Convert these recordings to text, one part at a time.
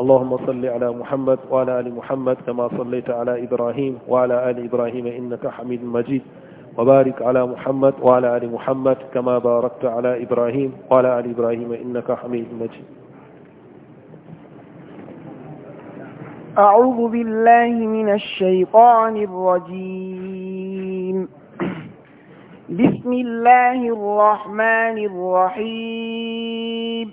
اللهم صل على محمد وعلى آل محمد كما صليت على إبراهيم وعلى آل إبراهيم إنك حميد مجيد وبارك على محمد وعلى آل محمد كما باركت على إبراهيم وعلى آل إبراهيم إنك حميد مجيد أعوذ بالله من الشيطان الرجيم بسم الله الرحمن الرحيم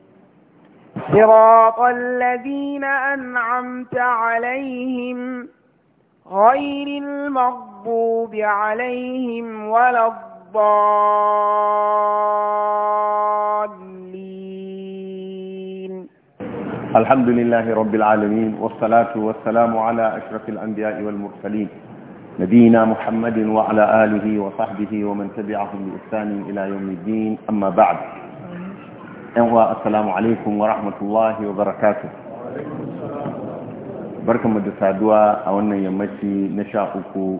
صراط الذين أنعمت عليهم غير المغضوب عليهم ولا الضالين الحمد لله رب العالمين والصلاة والسلام على أشرف الأنبياء والمرسلين نبينا محمد وعلى آله وصحبه ومن تبعهم بإحسان إلى يوم الدين أما بعد yanwa assalamu alaikum wa rahmatullahi wa barakatu barkanmu da saduwa a wannan yammaci na sha uku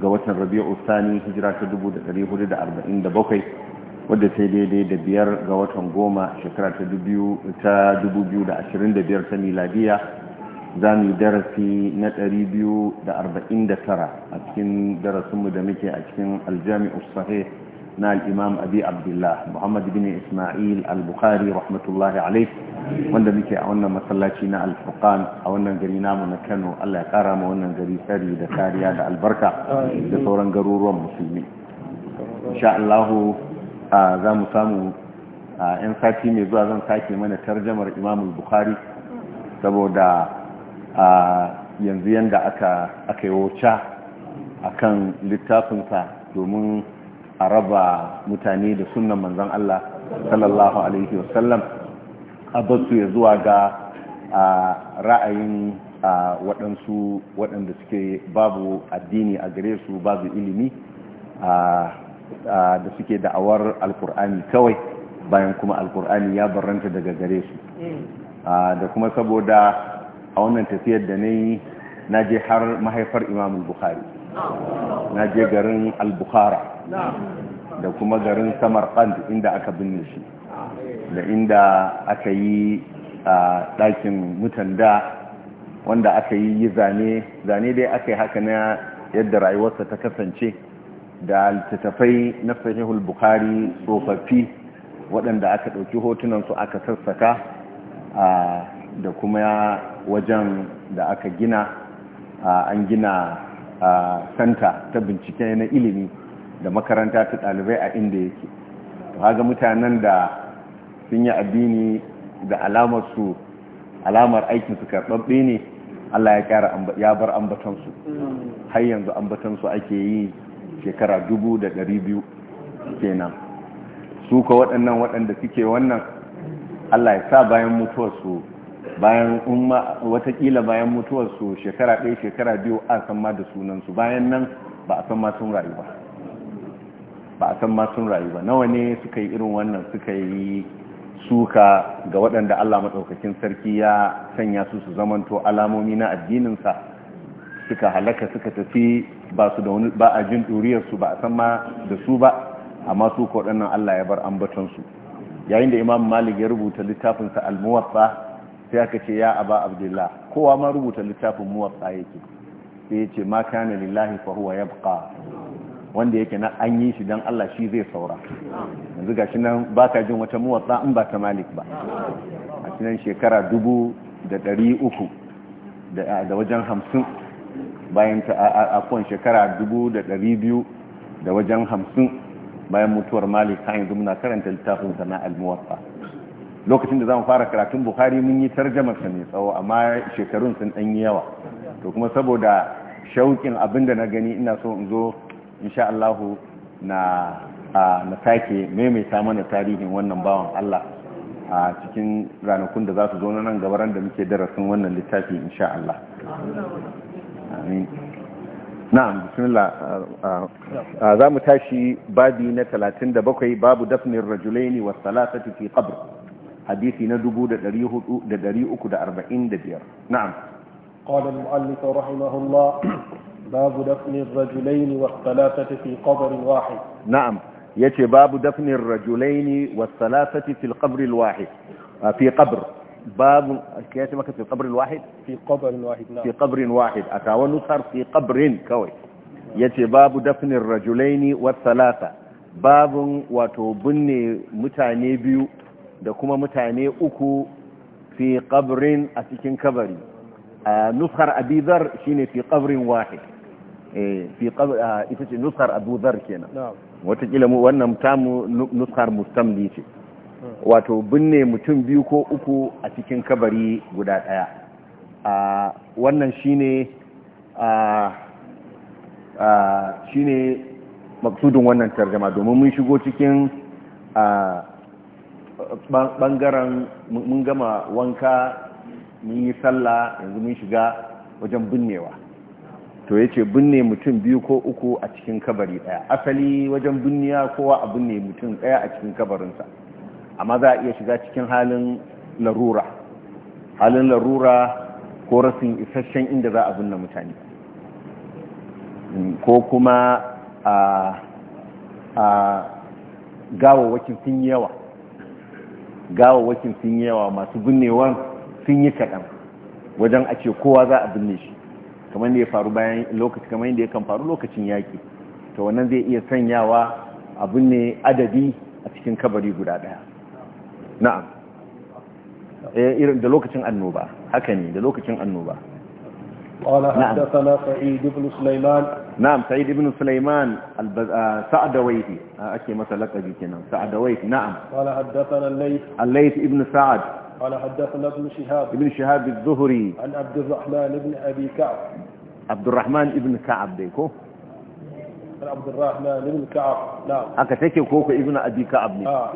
ga watan rabi'u sani hijira ta 1447 wadda sai daidai da biyar ga watan goma shekara ta 2025 ta miladiya za mu yi darasi na 249 a cikin darasinmu da muke a cikin aljami'ar sahih na al'imam abi abdullah muhammad bin ismail al-bukhari rahmatullahi alaihi wanda muke a wannan masallaci na alfuqan a wannan gari namu na kano allah ya kara wannan gari tsari da kariya da albarka da sauran garuruwan musulmi insha allahu za mu samu a yan sati mai zuwa zan sake mana tarjamar imam bukhari saboda yanzu yanda aka yi wuce akan littafinsa domin a raba mutane da sunan manzan Allah sallallahu alaihi wasallam a basu ya zuwa ga ra'ayin waɗansu waɗanda suke babu addini a gare su babu ilimi da suke da'awar alkur'ani kawai bayan kuma alkur'ani ya baranta daga gare su da kuma saboda a wannan tafiyar da na yi na je har mahaifar imamul bukhari na je garin al-bukhara da kuma garin samarkand inda aka binne shi da inda aka yi a ɗakin mutanda wanda aka yi zane zane dai aka yi haka na yadda rayuwarsa ta kasance da littattafai na sahihul bukari tsofaffi waɗanda aka ɗauki hotunansu aka sassaka da kuma wajen da aka gina an gina santa ta bincike na ilimi da makaranta ta ɗalibai a inda yake to haga mutanen da sun yi addini da alamar su alamar aikin su karɓaɓɓe ne Allah ya ƙara ya bar ambatansu har yanzu ambatansu ake yi shekara dubu da ɗari biyu kenan su ka waɗannan waɗanda suke wannan Allah ya sa bayan mutuwarsu bayan umma watakila bayan mutuwarsu shekara ɗaya shekara biyu a san ma da sunansu bayan nan ba a san ma sun rayu ba ba a san masun sun rayu ba nawa ne suka yi irin wannan suka yi suka ga waɗanda Allah maɗaukakin sarki ya sanya su su zamanto alamomi na addininsa suka halaka suka tafi ba su da wani ba a jin ɗuriyarsu ba a san ma da su ba amma su ko ɗannan Allah ya bar ambatonsu yayin da imam malik ya rubuta littafinsa al-muwatta sai aka ce ya aba abdullah kowa ma rubuta littafin muwatta yake sai ya ce ma kana lillahi fa huwa yabqa wanda yake na an yi shi don Allah shi zai saura yanzu ga shi nan ba ka jin wata muwatsa in ba ta malik ba a cikin shekara dubu da ɗari uku da wajen hamsin bayan ta a kowane shekara dubu da ɗari biyu da wajen hamsin bayan mutuwar malik ta yanzu muna karanta littafin sana al-muwatsa lokacin da za mu fara karatun bukhari mun yi tarjamarsa mai tsawo amma shekarun sun ɗan yi yawa to kuma saboda shauƙin abin da na gani ina so in zo insha Allah na na sake maimaita mana tarihin wannan bawan Allah a cikin ranakun da za su zo nan gabaran da muke darasin wannan littafi insha Allah amin na'am bismillah za mu tashi babi na 37 babu dafnir rajulaini wa salatati fi qabr hadisi na biyar na'am Qala al-mu'allif rahimahullah باب دفن الرجلين والثلاثة في قبر واحد نعم يتي باب دفن الرجلين والثلاثة في القبر الواحد آه، في قبر باب كياتي مكة في القبر الواحد في قبر واحد نعم في قبر واحد أتاوى نصر في قبر كوي يتي باب دفن الرجلين والثلاثة باب وتوبني متعني بيو دكما متعني أكو في قبر أتكين كبري آه، نصر أبي ذر شيني في قبر واحد Eh, fi ah, ita ce nusar abu zar kenan mu wannan tamu nusar mustamli ce hmm. wato binne mutum biyu ko uku a cikin kabari guda daya a ah, wannan shine a ah, shine maksudin wannan tarjama domin mun shigo cikin a bangaren mun gama wanka mun yi sallah yanzu mun shiga wajen binnewa to ya ce binne mutum biyu ko uku a cikin kabari ɗaya asali wajen binniya kowa a binne mutum ɗaya a cikin kabarinsa amma za a iya shiga cikin halin larura halin larura ko rasin isasshen inda za a binne mutane ko kuma a a gawawakin sun yawa gawawakin sun yawa masu binnewan sun yi kaɗan wajen a kowa za a binne shi kamar da ya faru bayan lokaci kamar da ya kan faru lokacin yaƙi to wannan zai iya sanyawa abin ne adadi a cikin kabari guda daya na'am eh, irin da lokacin annoba haka ne da lokacin annoba naam sa'id ibn sulaiman sa'ad da waifi ake masa الب... آه... سعدويه آه... أكي مثلا لقبي كنا سعدويه نعم قال حدثنا ابن شهاب ابن شهاب الزهري عن عبد الرحمن بن ابي كعب عبد الرحمن كعب ibn ka'ab dai ko abdurrahman ibn ka'ab na'am aka take ko ko ibn اه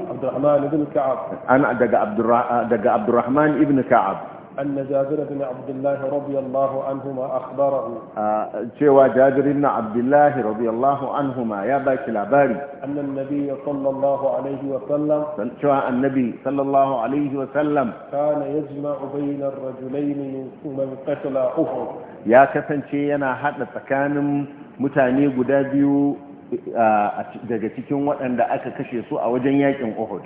عبد الرحمن ah كعب انا ka'ab عبد daga عبد الرحمن ابن كعب أن جابر بن عبد الله رضي الله عنهما أخبره آه، شوى جابر بن عبد الله رضي الله عنهما يا باكي لاباري أن النبي صلى الله عليه وسلم شوى النبي صلى الله عليه وسلم كان يجمع بين الرجلين من قتل أحد ya kasance yana hada tsakanin mutane guda biyu daga cikin waɗanda aka kashe su a wajen yakin Uhud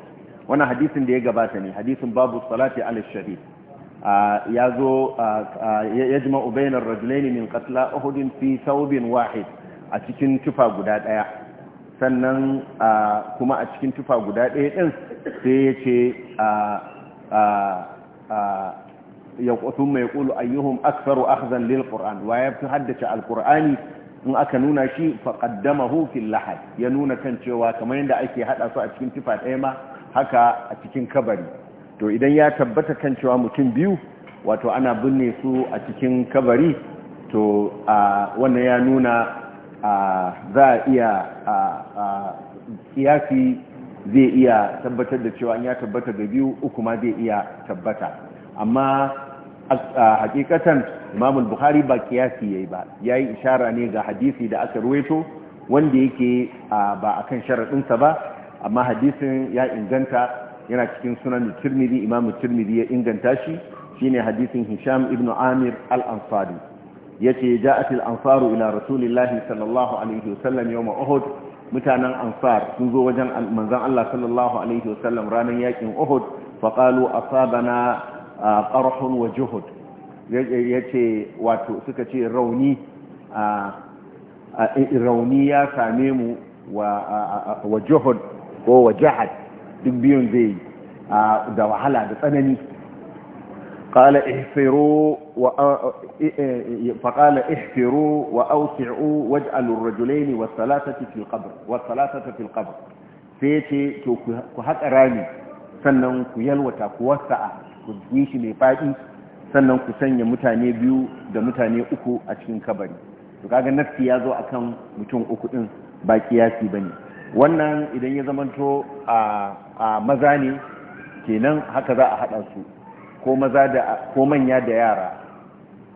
wannan hadisin da ya gabata ne hadisin babu salati al sharif ya zo ya jima ubainar rajulaini min katla uhudin fi saubin wahid a cikin tufa guda daya sannan kuma a cikin tufa guda ɗaya din sai ya ce ثم يقول أيهم أكثر أخذا للقرآن ويبتحدث القرآن in aka nuna shi faƙaddama hufin lahad ya nuna kan cewa kamar yadda ake haɗa su a cikin tufa ɗaya ma haka a cikin kabari to idan ya tabbata kan cewa mutum biyu wato ana binne su a cikin kabari to wannan ya nuna za a iya kiyasi zai iya tabbatar da cewa ya tabbata da biyu uku ma zai iya tabbata amma hakikatan imam al-bukhari ba kiyasi yayi ba yayi ishara ne ga hadisi da aka ruwaito wanda yake ba akan sharadin sa ba amma hadisin ya inganta yana cikin sunan tirmidhi imam tirmidhi ya inganta shi shine hadisin hisham ibn amir al-ansari yace ja'at al-ansaru ila rasulillahi sallallahu alaihi wasallam yawm uhud mutanen ansar sun zo wajen manzon Allah sallallahu alaihi wasallam ranar yakin uhud faqalu asabana qarhun wa juhud ce wato suka ce rauni rauni ya same mu wa juhud ko wa jahad duk biyun zai da wahala da tsanani قال احفروا و... فقال احفروا واوسعوا واجعلوا الرجلين والثلاثه في القبر والثلاثه في القبر سيتي تو كحق رامي sannan ku yalwata ku ku yi shi mai faɗi sannan ku sanya mutane biyu da mutane uku a cikin kabari to kaga nafsi ya zo akan mutum uku din ba kiyasi bane wannan idan ya zamanto a maza ne kenan haka za a haɗa su ko maza da ko manya da yara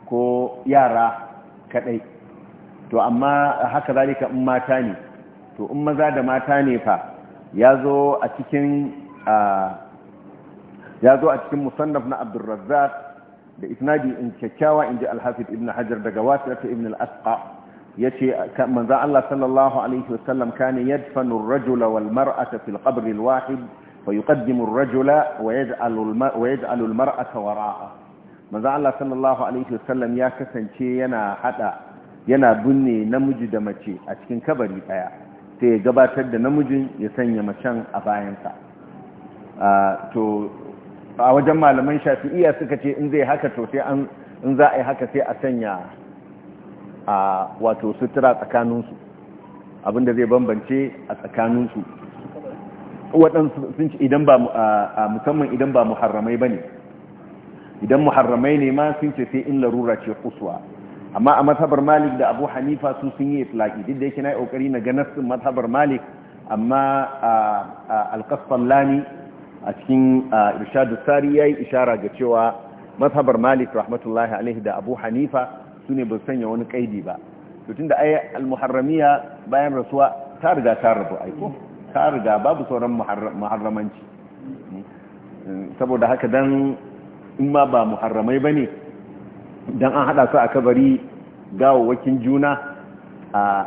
ko yara kadai to amma haka zalika in mata ne to in maza da mata ne fa ya zo a cikin ya zo a cikin musannaf na abdurrazzaq da isnadi in kyakkyawa ji alhafiz ibn hajar daga wasiyar ibn al-asqa yace manzo Allah sallallahu alaihi wasallam kana yadfanu rajula wal mar'ata fil qabr al-wahid fa yuqaddimu rajula wa yaj'alu al-mar'ata wara'a manzo Allah sallallahu alaihi wasallam ya kasance yana hada yana binne namiji da mace a cikin kabari daya sai ya gabatar da namijin ya sanya macen a bayansa ah, to a wajen malaman shafi'iya suka ce in zai haka to sai an in za a yi haka sai a sanya a wato sutura tsakaninsu abinda zai bambance a tsakaninsu waɗansu sun ci idan ba a musamman idan ba muharramai ba ne idan muharramai ne ma sun ce sai in larura ce kusuwa amma a matsabar malik da abu hanifa su sun yi itlaki duk da yake na yi ƙoƙari na malik amma alƙasfan lani a cikin irshadu sari ya yi ishara ga cewa mazhabar malik rahmatullahi alaihi da abu hanifa su ne bai sanya wani kaidi ba tutun da ayi almuharramiya bayan rasuwa ta riga ta rabu aiko ta riga babu sauran muharramanci saboda haka dan in ma ba muharramai ba ne dan an haɗa su a kabari gawawakin juna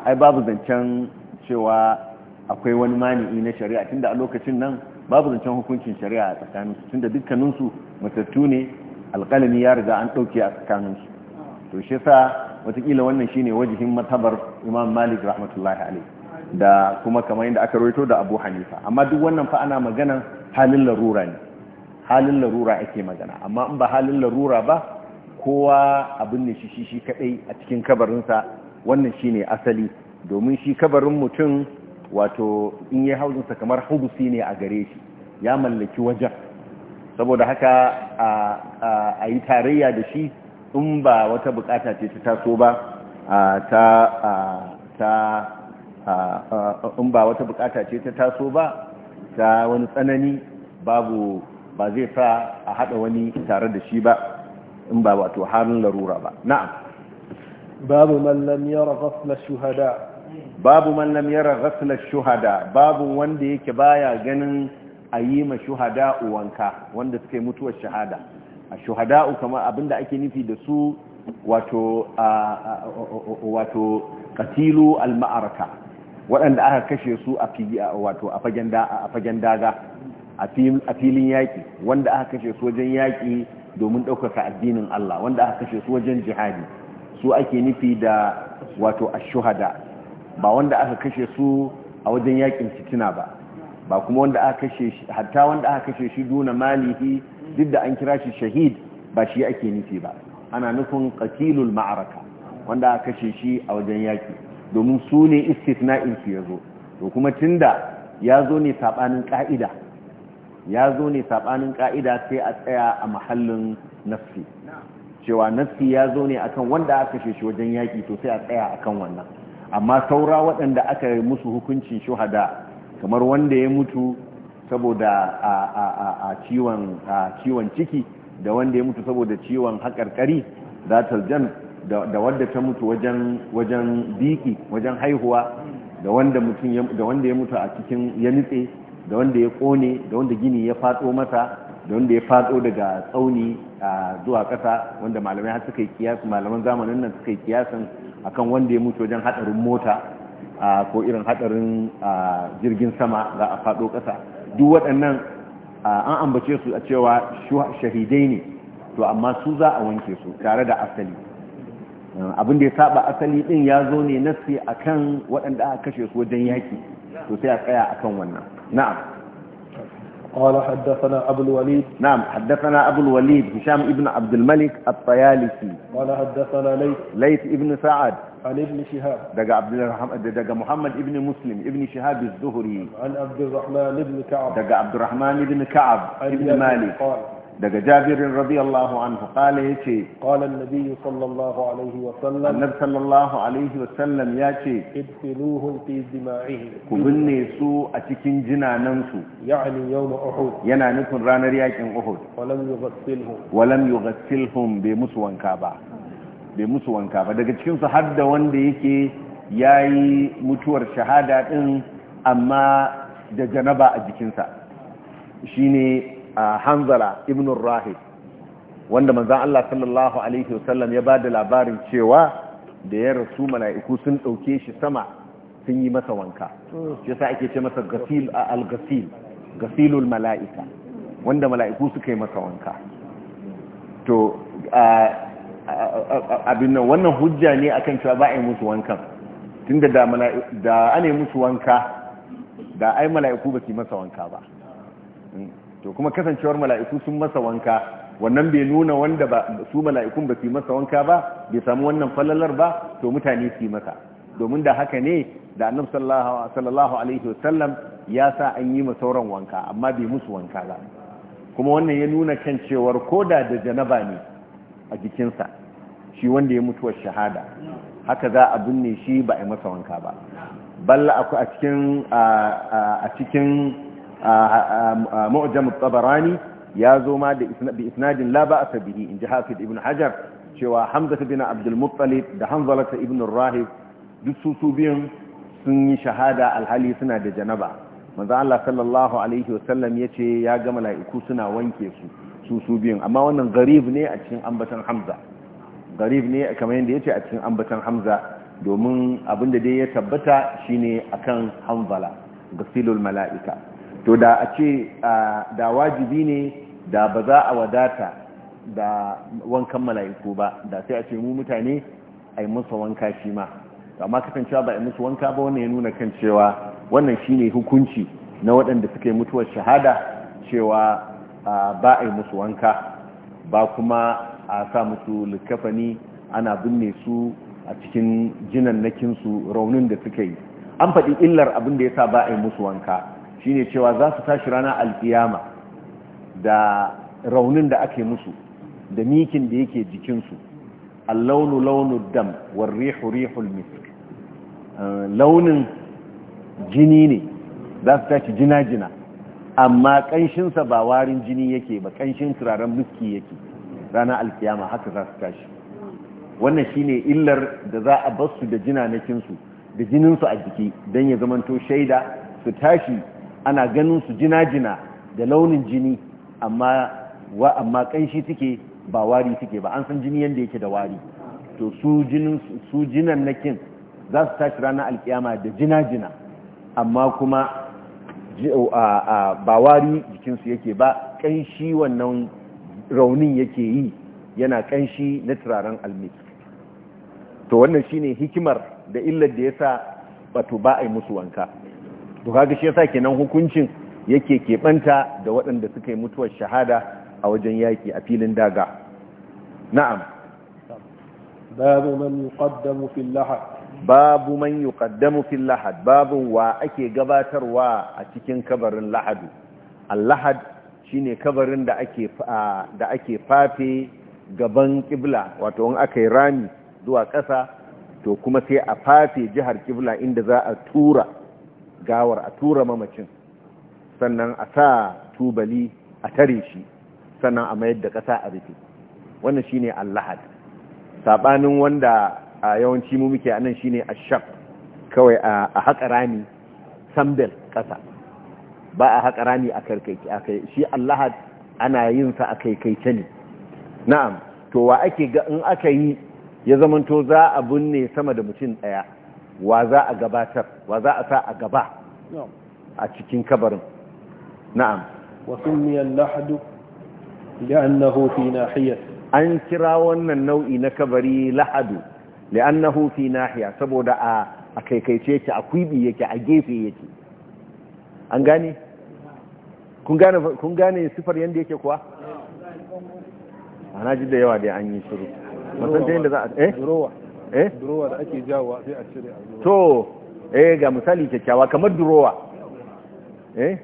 ai babu zancen cewa akwai wani mani'i na shari'a tunda a lokacin nan babu zancen hukuncin shari'a a tsakanin su tunda dukkaninsu matattu ne alkalami ya riga an ɗauke a tsakanin to shi sa watakila wannan shine wajihin matabar imam malik rahmatullahi alaihi da kuma kamar yadda aka rawaito da abu hanifa amma duk wannan fa ana maganan halin larura ne halin larura ake magana amma in ba halin larura ba kowa abin ne shi shi kadai a cikin kabarinsa wannan shine asali domin shi kabarin mutum wato in yi haujinsa kamar hubusi ne a gare shi ya mallaki wajen saboda haka a yi tarayya da shi in ba wata bukata ce ta taso ba ta in ba wata bukata ce ta taso ba ta wani tsanani babu ba zai sa a hada wani tare da shi ba in ba wato harin larura ba na'am babu mallam yara fasla shuhada babu man lam yara ghasla shuhada babu wanda yake baya ganin ayi ma shuhada wanka wanda suke mutuwar shahada a shuhada kamar abinda ake nufi da su wato wato katilu al-ma'araka waɗanda aka kashe su a wato a fagen a fagen daga a filin yaki wanda aka kashe su wajen yaki domin ɗaukaka addinin Allah wanda aka kashe su wajen jihadi su ake nufi da wato ash-shuhada ba wanda aka kashe su a wajen yakin fitina ba ba kuma wanda aka kashe shi hatta wanda aka kashe shi duna malihi duk da an kira shi shahid ba shi ake nufi ba ana nufin qatilul ma'araka wanda aka kashe shi a wajen yaki domin su ne istithna'in su yazo to kuma tunda yazo ne sabanin ka'ida yazo ne sabanin ka'ida sai a tsaya a mahallin nafsi cewa nafsi yazo ne akan wanda aka kashe shi wajen yaki to sai a tsaya akan wannan amma saura waɗanda aka yi musu hukuncin shuhada kamar wanda ya mutu saboda a ciwon ciki da wanda ya mutu saboda ciwon haƙarƙari zatar jan da wadda ta mutu wajen biki wajen haihuwa da wanda ya mutu a cikin ya nitse da wanda ya kone da wanda gini ya fatso masa da wanda ya fatso daga tsauni zuwa ƙasa wanda malamai har suka yi kiyasin malaman zamanin nan suka yi kiyasin akan wanda ya mutu wajen hadarin mota ko irin hadarin jirgin sama za a fado kasa duk waɗannan an ambace su a cewa shahidai ne to amma su za a wanke su tare da asali abin da ya saba asali din ya zo ne nasi akan waɗanda aka kashe su wajen yaki to sai a tsaya akan wannan na'am قال حدثنا أبو الوليد نعم حدثنا أبو الوليد هشام ابن عبد الملك الطيالسي قال حدثنا ليث ليث ابن سعد عن ابن شهاب دقى عبد الرحمن دقى محمد ابن مسلم ابن شهاب الزهري عن عبد الرحمن ابن كعب دقى عبد الرحمن ابن كعب ابن مالك قال daga jabirin radiyallahu anhu qala yace ce. an-nabiy sallallahu alaihi wa sallam annabi sallallahu alaihi wa sallam ya yace idfiluhum fi dima'ihim ku binne su a cikin jinanan su ya'ni yawm uhud yana nufin ranar yakin uhud walam yughassilhum walam yughassilhum bi musu wanka ba bai musu wanka ba daga cikinsu har da wanda yake ya yi mutuwar shahada din amma da janaba a jikinsa shine. hanzala ibn rahim wanda manzan Allah sallallahu alaihi wasallam ya ba da labarin cewa da ya rasu mala'iku sun ɗauke shi sama sun yi masa wanka shi sa ake ce masa gasil al gafil, gasilul mala'ika wanda mala'iku suka yi masa wanka to abin nan wannan hujja ne akan cewa ba a yi musu wankan tunda da da ana yi musu wanka da ai mala'iku ba su yi masa wanka ba hmm. to kuma kasancewar mala'iku sun masa wanka wannan bai nuna wanda ba su mala'ikun ba su masa wanka ba bai samu wannan falalar ba to mutane su yi masa domin da haka ne da annabi sallallahu alaihi wasallam ya sa an yi sauran wanka amma bai musu wanka ba kuma wannan ya nuna kan cewar koda da janaba ne a jikinsa shi wanda ya mutuwar shahada haka za a binne shi ba a masa wanka ba balla a cikin a cikin mu'jam tabarani ya zo ma da isnadin laba ba'sa bihi in ji hafiz ibn hajar cewa hamza bin abdul muttalib da hanzala ibn rahib duk su biyun sun yi shahada alhali suna da janaba manzo Allah sallallahu alaihi wasallam yace ya ga mala'iku suna wanke su su biyun amma wannan garib ne a cikin ambatan hamza garib ne kamar yadda yace a cikin ambatan hamza domin abinda dai ya tabbata shine akan hanzala gasilul mala'ika to da a ce da wajibi ne da ba za a wadata da wankan mala'iku ba da sai a ce mu mutane a yi musu wanka shi ma amma kasancewa ba a yi musu wanka ba wannan ya nuna kan cewa wannan shi ne hukunci na waɗanda suka yi mutuwar shahada cewa ba a yi musu wanka ba kuma a sa musu likafani ana binne su a cikin jinan nakinsu raunin da suka yi an faɗi illar abin da ya sa ba a yi musu wanka shine cewa za su tashi rana alkiyama da raunin da ake musu da mikin da yake jikinsu allaunu launu dam rihu rihu misk eh, launin jini ne za su tashi jina-jina amma ƙanshinsa ba warin jini yake ba ƙanshin turaren miski yake rana alkiyama haka za su tashi wannan shine illar da za a basu da jinanekinsu da jininsu a jiki don ya zamanto shaida su tashi ana ganin su jina-jina da launin jini amma wa amma kanshi suke ba wari suke ba an san jini yanda yake da wari to su jinin su jinan nakin za su tashi ranar alkiyama da jina-jina amma kuma ba wari jikinsu yake ba kanshi wannan raunin yake yi yana kanshi na turaren almis to wannan shine hikimar da illar da ya sa ba a yi musu wanka to kaga shi yasa kenan hukuncin yake keɓanta da waɗanda suka yi mutuwar shahada a wajen yaki a filin daga na'am babu man yuqaddamu fil lahad babu man yuqaddamu fil lahad babu wa ake gabatarwa a cikin kabarin lahadu al-lahad shine kabarin da ake da ake fafe gaban kibla wato in aka yi rami zuwa ƙasa to kuma sai a fafe jihar kibla inda za a tura gawar a tura mamacin sannan a sa tubali a tare shi sannan a mayar da ƙasa a rufe wannan shine allahad saɓanin wanda a yawanci mu muke anan shine Ashab kawai a haƙa rami sambel ƙasa ba a haƙa rami a karkai shi allahad ana yin sa a kaikaice ne na'am to wa ake ga in aka yi ya zamanto za a binne sama da mutum ɗaya wa za a gabatar wa za a sa a gaba a cikin kabarin na'am wa sunniyal lahdu li'annahu fi nahiyah an kira wannan nau'i na kabari lahadu li'annahu fi nahiya saboda a a kaikaice yake a kwibi yake a gefe yake an gane kun gane sifar yadda yake kuwa ana ji da yawa da an yi shiru ta yadda za a eh eh durowa da ake jawowa sai a cire to eh ga misali kyakkyawa kamar durowa eh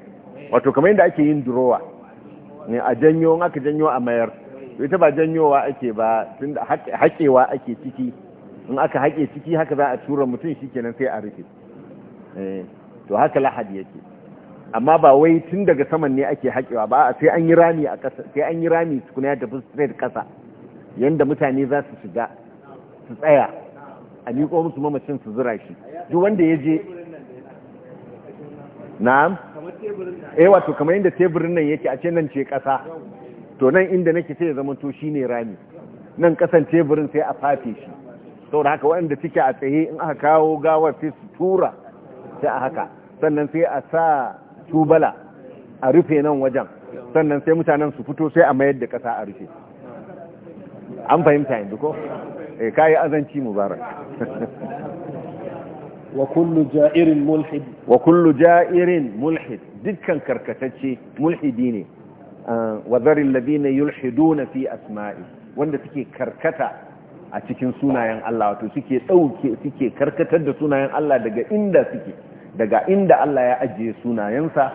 wato kamar yadda ake yin durowa ne a janyo in aka janyo a mayar ita ba janyowa ake ba tunda haƙewa ake ciki in aka haƙe ciki haka za a tura mutum shikenan sai a rufe eh to haka lahadi yake amma ba wai tun daga saman ne ake haƙewa ba sai an yi rami a ƙasa sai an yi rami tukuna ya tafi straight ƙasa yanda mutane za su shiga su tsaya a miƙo musu mamacin su zura shi duk wanda ya je na'am eh wato kamar inda teburin nan yake a ce nan ce ƙasa to nan inda nake sai ya zama to shine rami nan kasan teburin sai a fafe shi saboda haka waɗanda suke a tsaye in aka kawo gawar sai su tura sai a haka sannan sai a sa tubala a rufe nan wajen sannan sai mutanen su fito sai a mayar da kasa a rufe an fahimta yanzu ko Eh, kayi azanci mubarak wa kullu ja'irin mulhid wa kullu ja'irin mulhid dukkan karkatacce mulhidi ne ah, wa zaril ladina yulhiduna fi asma'i wanda suke karkata a cikin sunayen Allah wato suke dauke suke karkatar da sunayen Allah daga inda suke daga inda Allah ya ajiye sunayensa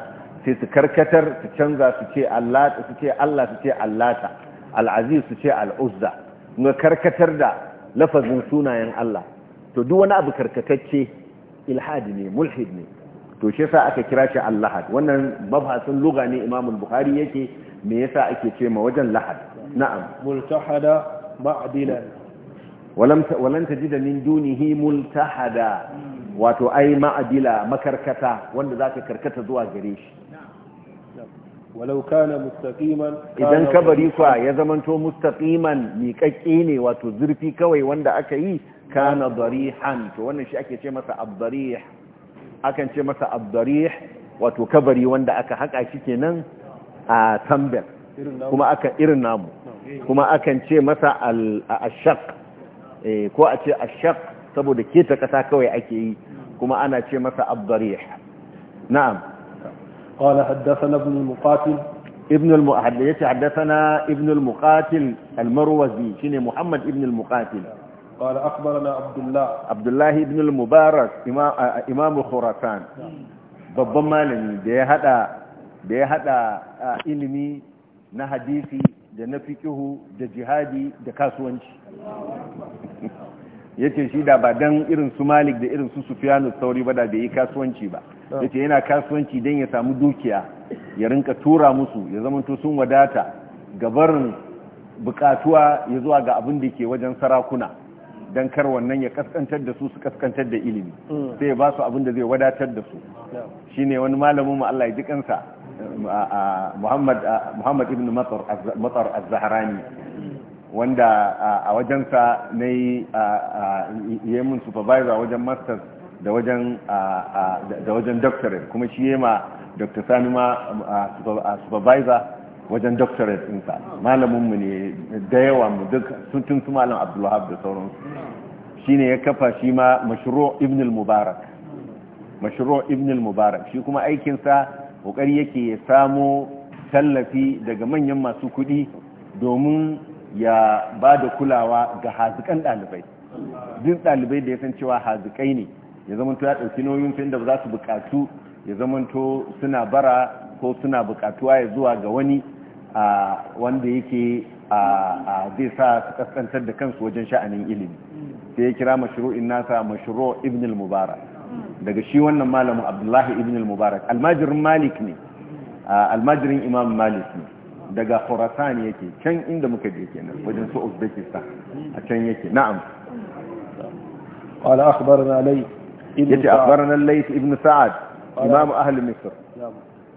sai su karkatar su canza su ce Allah su ce Allah su ce Allah ta al'aziz su ce al'uzza uzza karkatar da lafazin sunayen Allah to duk wani abu karkatacce ilhadi ne mulhid ne to shi yasa aka kira shi Allahad wannan mabhasin lugha ne Imam bukhari yake me yasa ake ce ma wajen lahad na'am multahada ba'dila walam walan tajida min dunihi multahada wato ai ma'adila makarkata wanda zaka karkata zuwa gare shi walau kana mustaqiman idan kabari fa ya zamanto mustaqiman miƙaƙƙi ne wato zurfi kawai wanda aka yi kana darihan to wannan shi ake ce masa abdarih akan ce masa abdarih wato kabari wanda aka haƙa shi kenan a tambel kuma aka irin namu kuma akan ce masa al-ashaq ko a ce ashaq saboda keta kasa kawai ake yi kuma ana ce masa abdarih na'am قال حدثنا ابن المقاتل ابن المقاتل يتي حدثنا ابن المقاتل المروزي شنو محمد ابن المقاتل قال أخبرنا عبد الله عبد الله ابن المبارك babban malami da ya hada ilimi na hadisi da na fikihu da jihadi da kasuwanci yace shi da ba dan irin su Malik da irin su Sufiyanu sauri ba da bai yi kasuwanci ba Ah. ce yana kasuwanci dan ya samu dukiya ya rinka tura musu ya zamanto sun wadata gabarin bukatuwa ya zuwa ga abin da ke wajen sarakuna don kar wannan ya kaskantar da su su kaskantar da ilimi hmm. sai ya ba su abin da zai wadatar da su shi ne wani malamin mu Allah ya ji Muhammad ibn Matsar az wanda a wajensa nayi yi min supervisor wajen masters da wajen da wajen kuma shi ma dr sani ma a supervisor wajen doctorate ɗinsa malaminmu ne da yawa mu duk sun tun su malam abdullahab da sauransu shi ne ya kafa shi ma mashiro ibn al-mubarak mashiro ibn mubarak shi kuma aikinsa kokari yake ya samo tallafi daga manyan masu kuɗi domin ya ba da kulawa ga hazikan ɗalibai duk ɗalibai da ya san cewa hazikai ne ya zamanto ya ɗauki nauyin fin da za su buƙatu ya zamanto suna bara ko suna buƙatuwa ya zuwa ga wani wanda yake zai sa su kaskantar da kansu wajen sha'anin ilimi sai ya kira in nasa mashru' ibn al-mubarak daga shi wannan malamin abdullahi ibn al-mubarak almajirin malik ne almajirin imam malik ne daga khurasan yake can inda muka je kenan wajen su uzbekistan a can yake na'am قال أخبرنا ليث يتي أخبرنا الليث ابن سعد إمام أهل مصر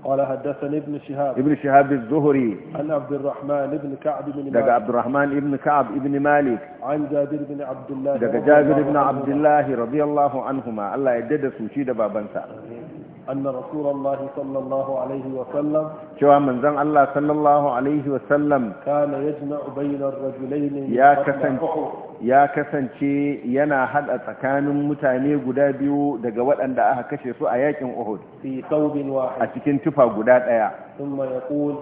قال حدثني ابن شهاب ابن شهاب الزهري عن عبد الرحمن بن كعب بن مالك دقى عبد الرحمن بن كعب بن مالك عن جابر بن عبد الله دقى جابر بن عبد الله رضي الله عنهما الله يدد سوشيد بابنسا أن رسول الله صلى الله عليه وسلم شوى من زن الله صلى الله عليه وسلم كان يجمع بين الرجلين يا كسن ya kasance yana hada tsakanin mutane guda biyu daga waɗanda aka kashe su a yakin Uhud a cikin tufa guda ɗaya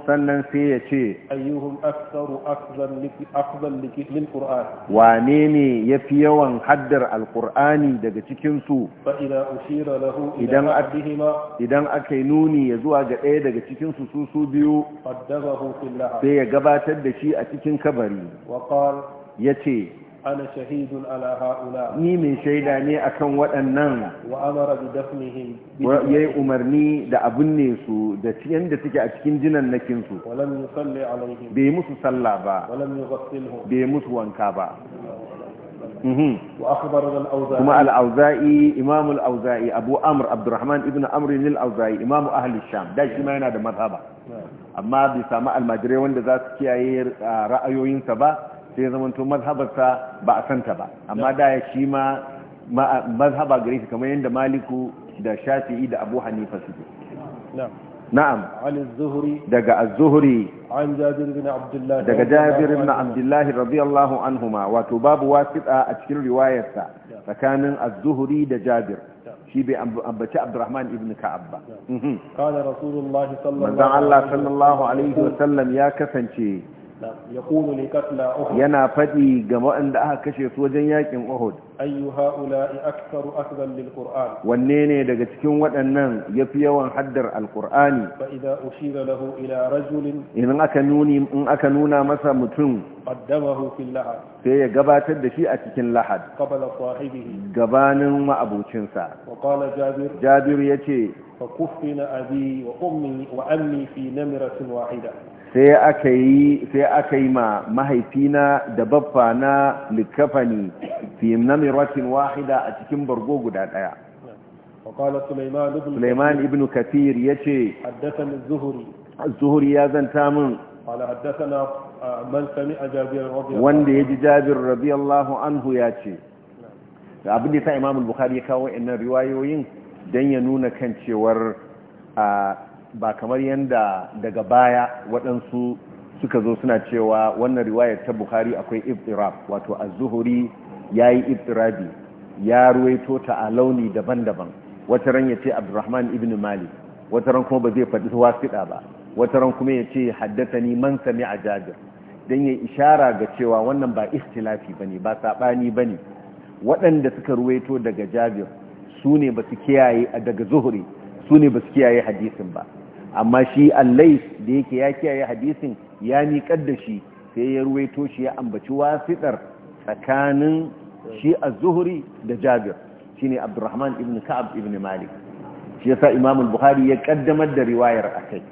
sannan sai ya ce wane ne ya fi yawan haddar alkur'ani daga cikinsu idan aka yi nuni ya zuwa ga ɗaya daga cikinsu su su biyu sai ya gabatar da shi a cikin kabari ya ce ana shahidun ala haula ni mai shaida ne akan waɗannan wa amara bi dafnihim yayi umarni da abun ne su da yanda suke a cikin jinan nakin su walam yusalli alaihim bai musu sallah ba walam yughassilhum bai musu wanka ba وأخبرنا الأوزاعي كما الأوزاعي إمام الأوزاعي أبو أمر عبد الرحمن imam ahli الأوزاعي إمام أهل الشام ده شيء ما Amma bai أما بسماء wanda za su kiyaye ah, ra'ayoyinsa ba. sai zaman to mazhabarsa ba a santa ba amma da ya shi ma mazhaba gare shi kamar yadda maliku da shafi'i da abu hanifa suke na'am daga az-zuhri daga jabir ibn abdullah radiyallahu anhuma wato babu wasiqa a cikin riwayarsa tsakanin az-zuhri da jabir shi bai ambaci abdurrahman ibn ka'ab ba mm-hmm. kana rasulullahi sallallahu alaihi wa sallam ya kasance ya yana faɗi ga waɗanda aka kashe su wajen yakin Uhud ayyu ha'ula'i aktharu akhdan lil qur'an wanne ne daga cikin waɗannan yafi yawan haddar alqur'ani fa idza ushira lahu ila rajulin idan aka nuni in aka nuna masa mutum qaddamahu fil lahad sai ya gabatar da shi a cikin lahad qabala sahibihi gabanin ma'abucinsa wa qala jabir jabir yace fa kuffina abi wa ummi wa ammi fi namratin wahida sai aka yi sai aka yi ma mahaifina da baffa na likafani fi namiratin wahida a cikin bargo guda daya Suleiman ibn Kathir ya ce zuhuri ya zanta min ah, wanda ya ji sami Jabir radiyallahu Anhu ya ce. radiyallahu abin da ya sa Imam Bukhari ya kawo wannan riwayoyin don ya nuna kan cewar ah, ba kamar yadda daga baya waɗansu suka zo suna cewa wannan riwayar ta bukhari akwai iftirab wato az-zuhuri yayi iftirabi ya ruwaito ta a launi daban-daban wata ran ce abdurrahman ibn malik wata ran kuma ba zai faɗi wasiɗa ba wata ran kuma ya ce haddasa ni man a jajir don ya ishara ga cewa wannan ba ikhtilafi ne ba saɓani ba ne waɗanda suka ruwaito daga jajir su ne ba su kiyaye daga zuhuri su ne ba su kiyaye hadisin ba amma shi allais da yake ya kiyaye hadisin ya miƙar da shi sai ya ruwaito shi ya ambaci wasiɗar tsakanin shi a zuhuri da jabir shi ne abdurrahman ibn ka'ab ibn malik shi yasa imam buhari ya kaddamar da riwayar a kai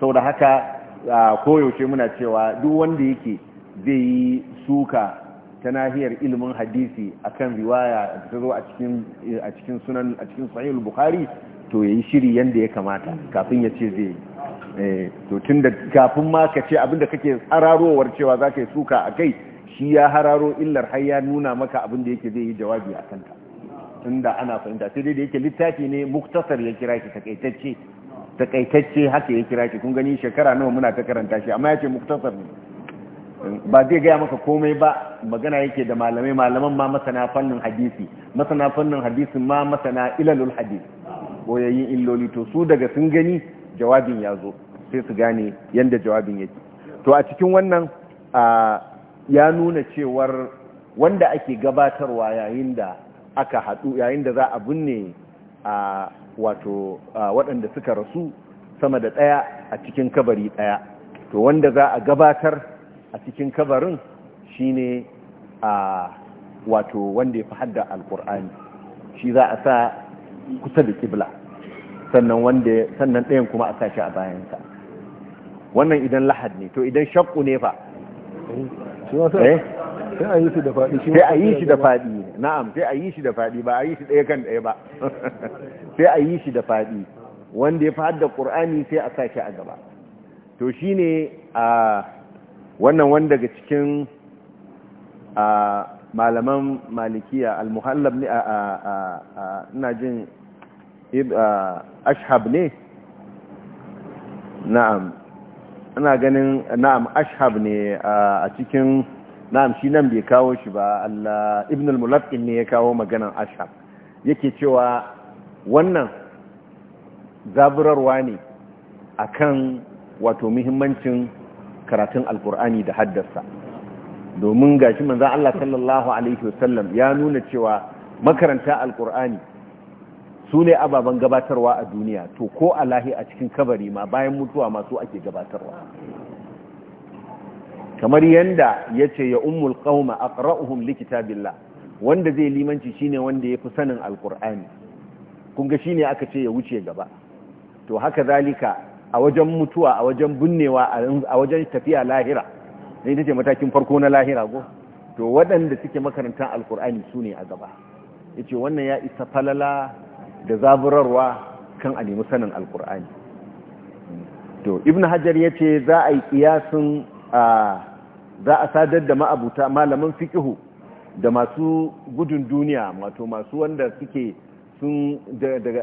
sau da haka koyaushe muna cewa duk wanda yake zai yi suka ta nahiyar ilimin hadisi akan riwaya da ta zo a cikin sunan a cikin sahihul bukhari to yayi shiri yanda ya kamata kafin ya ce zai yi eh, to da kafin ma ka ce abinda kake hararowar cewa za ka yi suka a kai shi ya hararo illar har ya nuna maka abinda yake zai yi jawabi a kanta da ana fahimta sai dai da yake littafi ne muktasar ya kira ki takaitacce takaitacce haka ya kira ki kun gani shekara nawa muna ta karanta shi amma yace muktasar ne ba zai gaya maka komai ba magana yake da malamai malaman ma masana fannin hadisi masana fannin hadisi ma masana ilalul hadisi. boyayyin illoli to su daga sun gani jawabin ya zo sai su gane yadda jawabin yake to a cikin wannan ya nuna cewar wanda ake gabatarwa yayin da aka haɗu yayin da za a binne a wato waɗanda suka rasu sama da ɗaya a cikin kabari ɗaya to wanda za a gabatar a cikin kabarin shi ne wato wanda ya fi hadda alkur'ani shi za a sa kusa da kibla sannan wanda sannan ɗayan kuma a sashi a bayansa wannan idan lahad ne to idan shakku ne fa eh? sai a yi shi da faɗi sai a yi shi da faɗi na'am sai a yi shi da faɗi ba a yi shi ɗaya kan ɗaya ba sai a yi shi da faɗi wanda ya fahad da ƙur'ani sai a sashi a gaba to shi ne a wannan wanda daga cikin malaman malikiya al-muhallab ne a ina jin ashab ne na'am ana ganin na'am ashab ne a cikin na'am shi nan bai kawo shi ba Allah ibn al-mulaqqin ne ya kawo maganan ashab yake cewa wannan zaburarwa ne akan wato muhimmancin karatun alkur'ani da haddasa domin gashi manzon Allah sallallahu alaihi wasallam ya nuna cewa makaranta alkur'ani su ne ababen gabatarwa a duniya to ko alahi a cikin kabari ma bayan mutuwa masu ake gabatarwa kamar yadda ya ce ya ummul qauma likita billa wanda zai limanci shine wanda ya fi sanin alkur'ani kunga shi shine aka ce ya wuce gaba to haka zalika a wajen mutuwa a wajen binnewa a wajen tafiya lahira zai ce matakin farko na lahira go to waɗanda suke makarantar alkur'ani su ne a gaba ya ce wannan ya isa falala da zaburarwa kan a nemi sanin alkur'ani to ibn hajar ya ce za a yi kiyasin za a sadar da ma'abuta malaman fikihu da masu gudun duniya wato masu wanda suke sun daga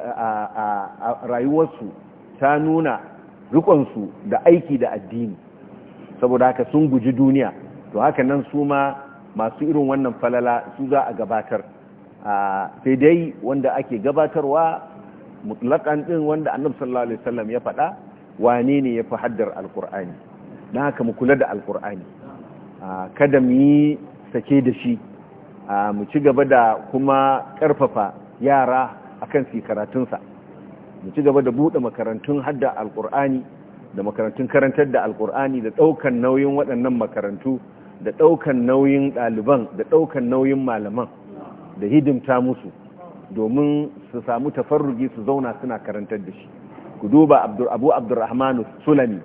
a rayuwarsu ta nuna rikonsu da aiki da addini saboda haka sun guji duniya to haka nan su ma masu irin wannan falala su za a gabatar sai dai wanda ake gabatarwa mutlaƙan ɗin wanda annabi sallallahu alaihi wasallam ya faɗa wane ne ya fi haddar alƙur'ani na haka mu kula da alƙur'ani kada mu yi sake da shi mu ci gaba da kuma ƙarfafa yara akan su karatunsa mu ci gaba da buɗe makarantun hadda alƙur'ani da makarantun karantar da alƙur'ani da ɗaukan nauyin waɗannan makarantu da ɗaukan nauyin ɗaliban da ɗaukan nauyin malaman da hidimta musu domin su samu tafarrugi su zauna suna karantar da shi ku duba abu abdurrahman sulami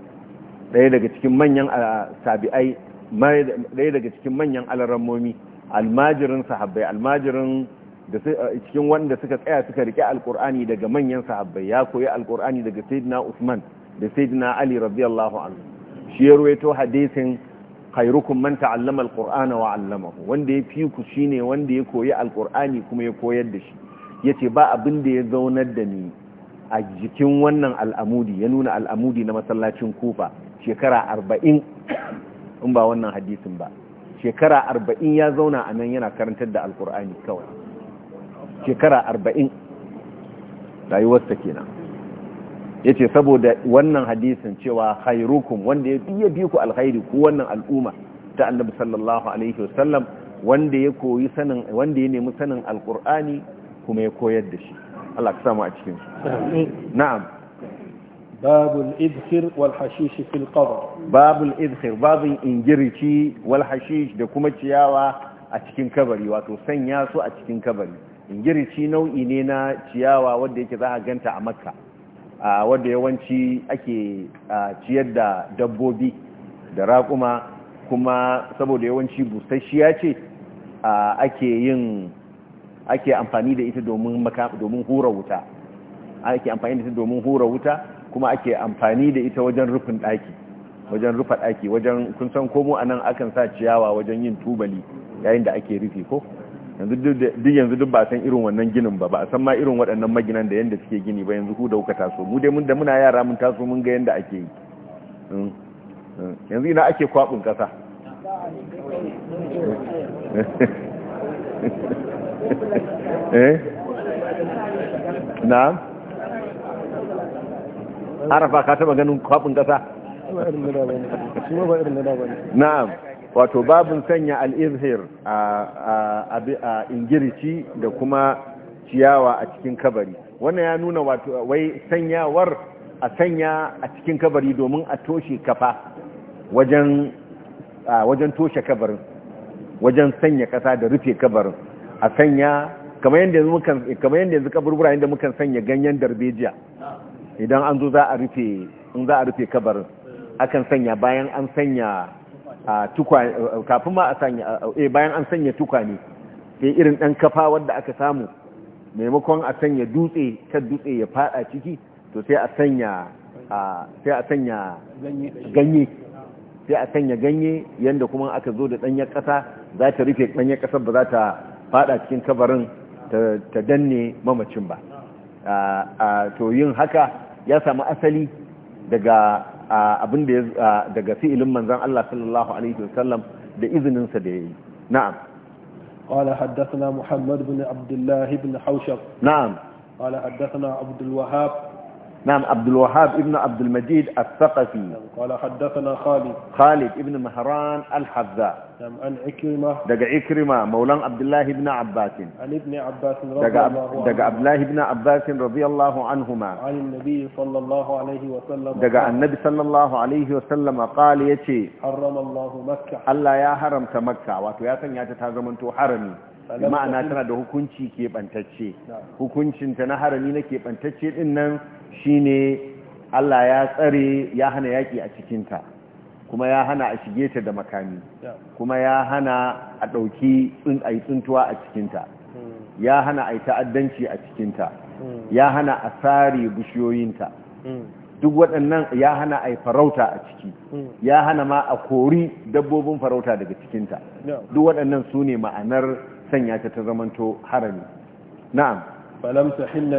ɗaya daga cikin manyan sabi'ai ɗaya daga cikin manyan alarammomi almajirin sahabbai almajirin da cikin wanda suka tsaya suka rike alkur'ani daga manyan sahabbai ya koyi alkur'ani daga sayyidina usman da sayyidina ali radiyallahu anhu shi ya ruwaito hadisin khairukum man ta'allama alqur'ana wa 'allamahu wanda ya fi ku shine wanda ya koyi alqur'ani kuma ya koyar da shi yace ba abin da ya zaunar da ni a jikin wannan al'amudi ya nuna al'amudi na masallacin kufa shekara 40 in ba wannan hadisin ba shekara 40 ya zauna a nan yana karantar da alqur'ani kawai shekara 40 rayuwarsa kenan ya ce saboda wannan hadisin cewa hairukum wanda ya biya bi ku alhairi ku wannan al'umma ta annabi sallallahu alaihi wasallam wanda ya koyi sanin wanda ya nemi sanin alqur'ani kuma ya koyar da shi Allah ka samu a cikin su na'am babul idhir wal hashish fil qabr babul idhir babin ingirici wal hashish da kuma ciyawa a cikin kabari wato sanya su a cikin kabari ingirici nau'i ne na ciyawa wanda yake za a ganta a makka wadda yawanci ake ciyar da dabbobi da raƙuma kuma saboda yawanci busasshiya ce ake yin ake amfani da ita domin hura wuta ake amfani da ita domin hura wuta kuma ake amfani da ita wajen rufin ɗaki wajen rufa ɗaki wajen kun san komo a nan akan sa ciyawa wajen yin tubali yayin da ake rufe ko yanzu duk yanzu duk ba san irin wannan ginin ba ba san ma irin waɗannan maginan da yanda suke gini ba yanzu ku da kuka taso mu dai mun da muna yara mun taso mun ga yanda ake yi mm. Mm. yanzu ina ake kwabin ƙasa eh na arafa ka taba ganin kwabin ƙasa na'am wato babin sanya al-izhir a a ingirici da kuma ciyawa a cikin kabari wannan ya nuna wato wai sanyawar a sanya a cikin kabari domin a toshe kafa wajen wajen toshe kabarin wajen sanya kasa da rufe kabarin a sanya kamar yadda yanzu mukan kamar yadda yanzu inda mukan sanya ganyen darbejiya idan an zo za a rufe in za a rufe kabarin akan sanya bayan an sanya tukwane kafin ma a sanya eh, bayan an sanya tukwane sai irin ɗan kafa wanda aka samu maimakon a sanya dutse kan dutse ya fada ciki to sai a sanya sai a sanya ganye sai a sanya ganye yanda kuma aka zo da ɗanyen ƙasa za ta rufe ɗanyar ƙasar ba za ta fada cikin kabarin ta danne mamacin ba to yin haka ya samu asali daga abin da daga fi'ilin manzon Allah sallallahu alaihi wasallam da izininsa da ya yi na'am قال حدثنا محمد بن عبد الله بن حوشب نعم قال حدثنا عبد الوهاب نعم عبد الوهاب ابن عبد المجيد الثقفي نعم قال حدثنا خالد خالد ابن مهران الحذاء نعم عن عكرمة دقى عكرمة مولان عبد الله بن عباس عن ابن عباس رضي دقى الله عنهما دقى عبد الله بن عباس رضي الله عنهما عن النبي صلى الله عليه وسلم دقى النبي صلى الله عليه وسلم قال يتي حرم الله مكة الله يا حرم مكة واتو يا سن يا تتازمنتو حرمي ma'ana tana da hukunci keɓantacce hukuncinta na harami na keɓantacce ɗin nan Shi ne Allah ya tsare ya hana yaƙi a cikinta kuma ya hana a shige ta da makami kuma ya hana a ɗauki yi tsuntuwa a cikinta hmm. ya hana a yi ta'addanci a cikinta hmm. ya hana a sare bishiyoyinta hmm. duk waɗannan ya hana a yi farauta a ciki ya hana ma a kori dabbobin farauta daga cikinta duk waɗannan su ne ma'anar sanya ta ta zamanto harami na'am falamta hinna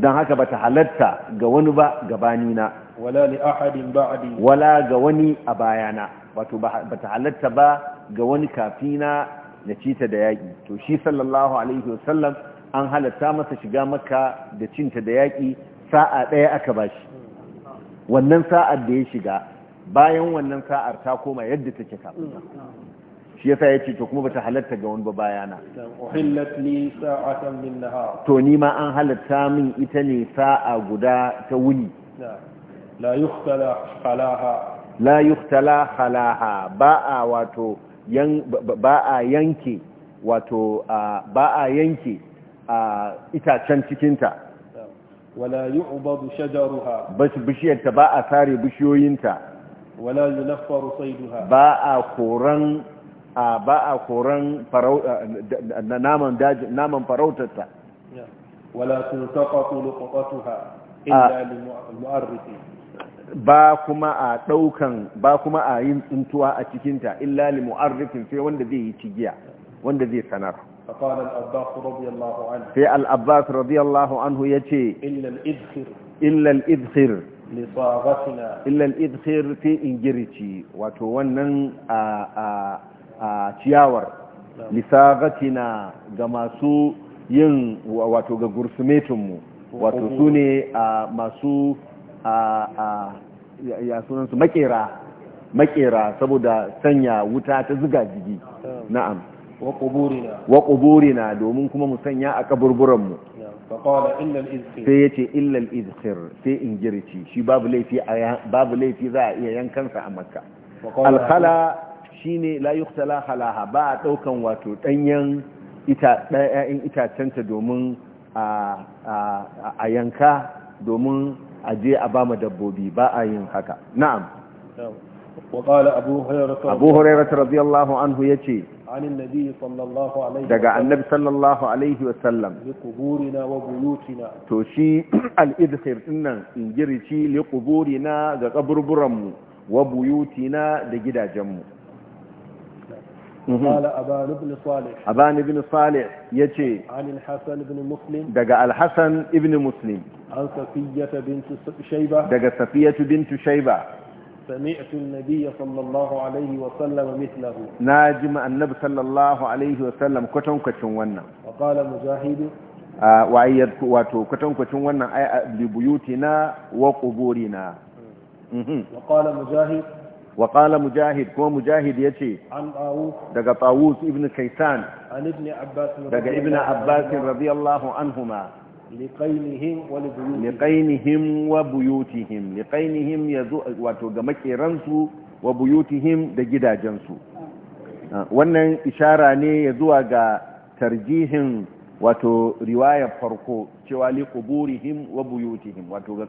don haka ba ta halatta ga wani ba gabanina wala li wala ga wani a bayana wato ba ta halatta ba ga wani kafina na cita da yaƙi to shi sallallahu alaihi wasallam an halatta masa shiga maka da cinta da yaƙi sa'a ɗaya aka bashi wannan sa'ar da ya shiga bayan wannan sa'ar ta koma yadda take kafin shi yasa yace to kuma bata halarta ga wani ba bayana uhillat li sa'atan min nahar to ni ma an halarta min ita ne sa'a guda ta wuni la yuhtala khalaha la yuhtala halaha ba a wato yan ba a yanke wato ba a yanke itacen cikin ta wala yu'badu shajaruha bashi bishiyar ta ba a sare bishiyoyinta wala yunaffaru sayduha ba a koran a ba a koran naman farautarta wala sun taƙaƙo lokutuha inda mu'arrifi ba kuma a ɗaukan ba kuma a yin tsuntuwa a cikinta illa li mu'arrifin sai wanda zai yi cigiya wanda zai sanar sai al'abbas radiyallahu anhu ya ce illal idhir illal idhir fi ingirici wato wannan a a ciyawar na ga masu yin wato ga gursumetinmu wato su ne masu ya sunansu makera makera saboda sanya wuta ta ziga jigi na'am wa na domin kuma mu sanya a kaburburanmu sai ya ce illal izhir sai in girci shi babu laifi za a iya yankansa a makka alkhala Shi la yuktala halaha ba a ɗaukan wato ɗanyen ita itacenta domin a yanka domin a je a ba dabbobi ba a yin haka na'am abu hurairata radiyallahu anhu ya ce daga annabi sallallahu alaihi wasallam to shi al'idhir dinnan ingirici li ga kaburburanmu wa buyutina da gidajenmu قال أبان بن صالح أبان بن صالح يتي عن الحسن بن مسلم دقى الحسن ابن مسلم عن صفية بنت شيبة دقى صفية بنت شيبة سمعت النبي صلى الله عليه وسلم مثله ناجم النبي صلى الله عليه وسلم كتن كتن ونا وقال مجاهد آه وعيد واتو كتن كتن ونا لبيوتنا وقبورنا وقال مجاهد وقال مجاهد كو مجاهد يتي عن طاووس دقى طاووس ابن كيسان عن ابن عباس دقى ابن عباس رضي الله عنهما لقينهم ولبيوتهم لقينهم وبيوتهم لقينهم يزو وتغمكي رنسو وبيوتهم دجداجنسو wannan ishara ne ya zuwa ga tarjihin wato riwayar farko cewa li quburihim wa buyutihim wato ga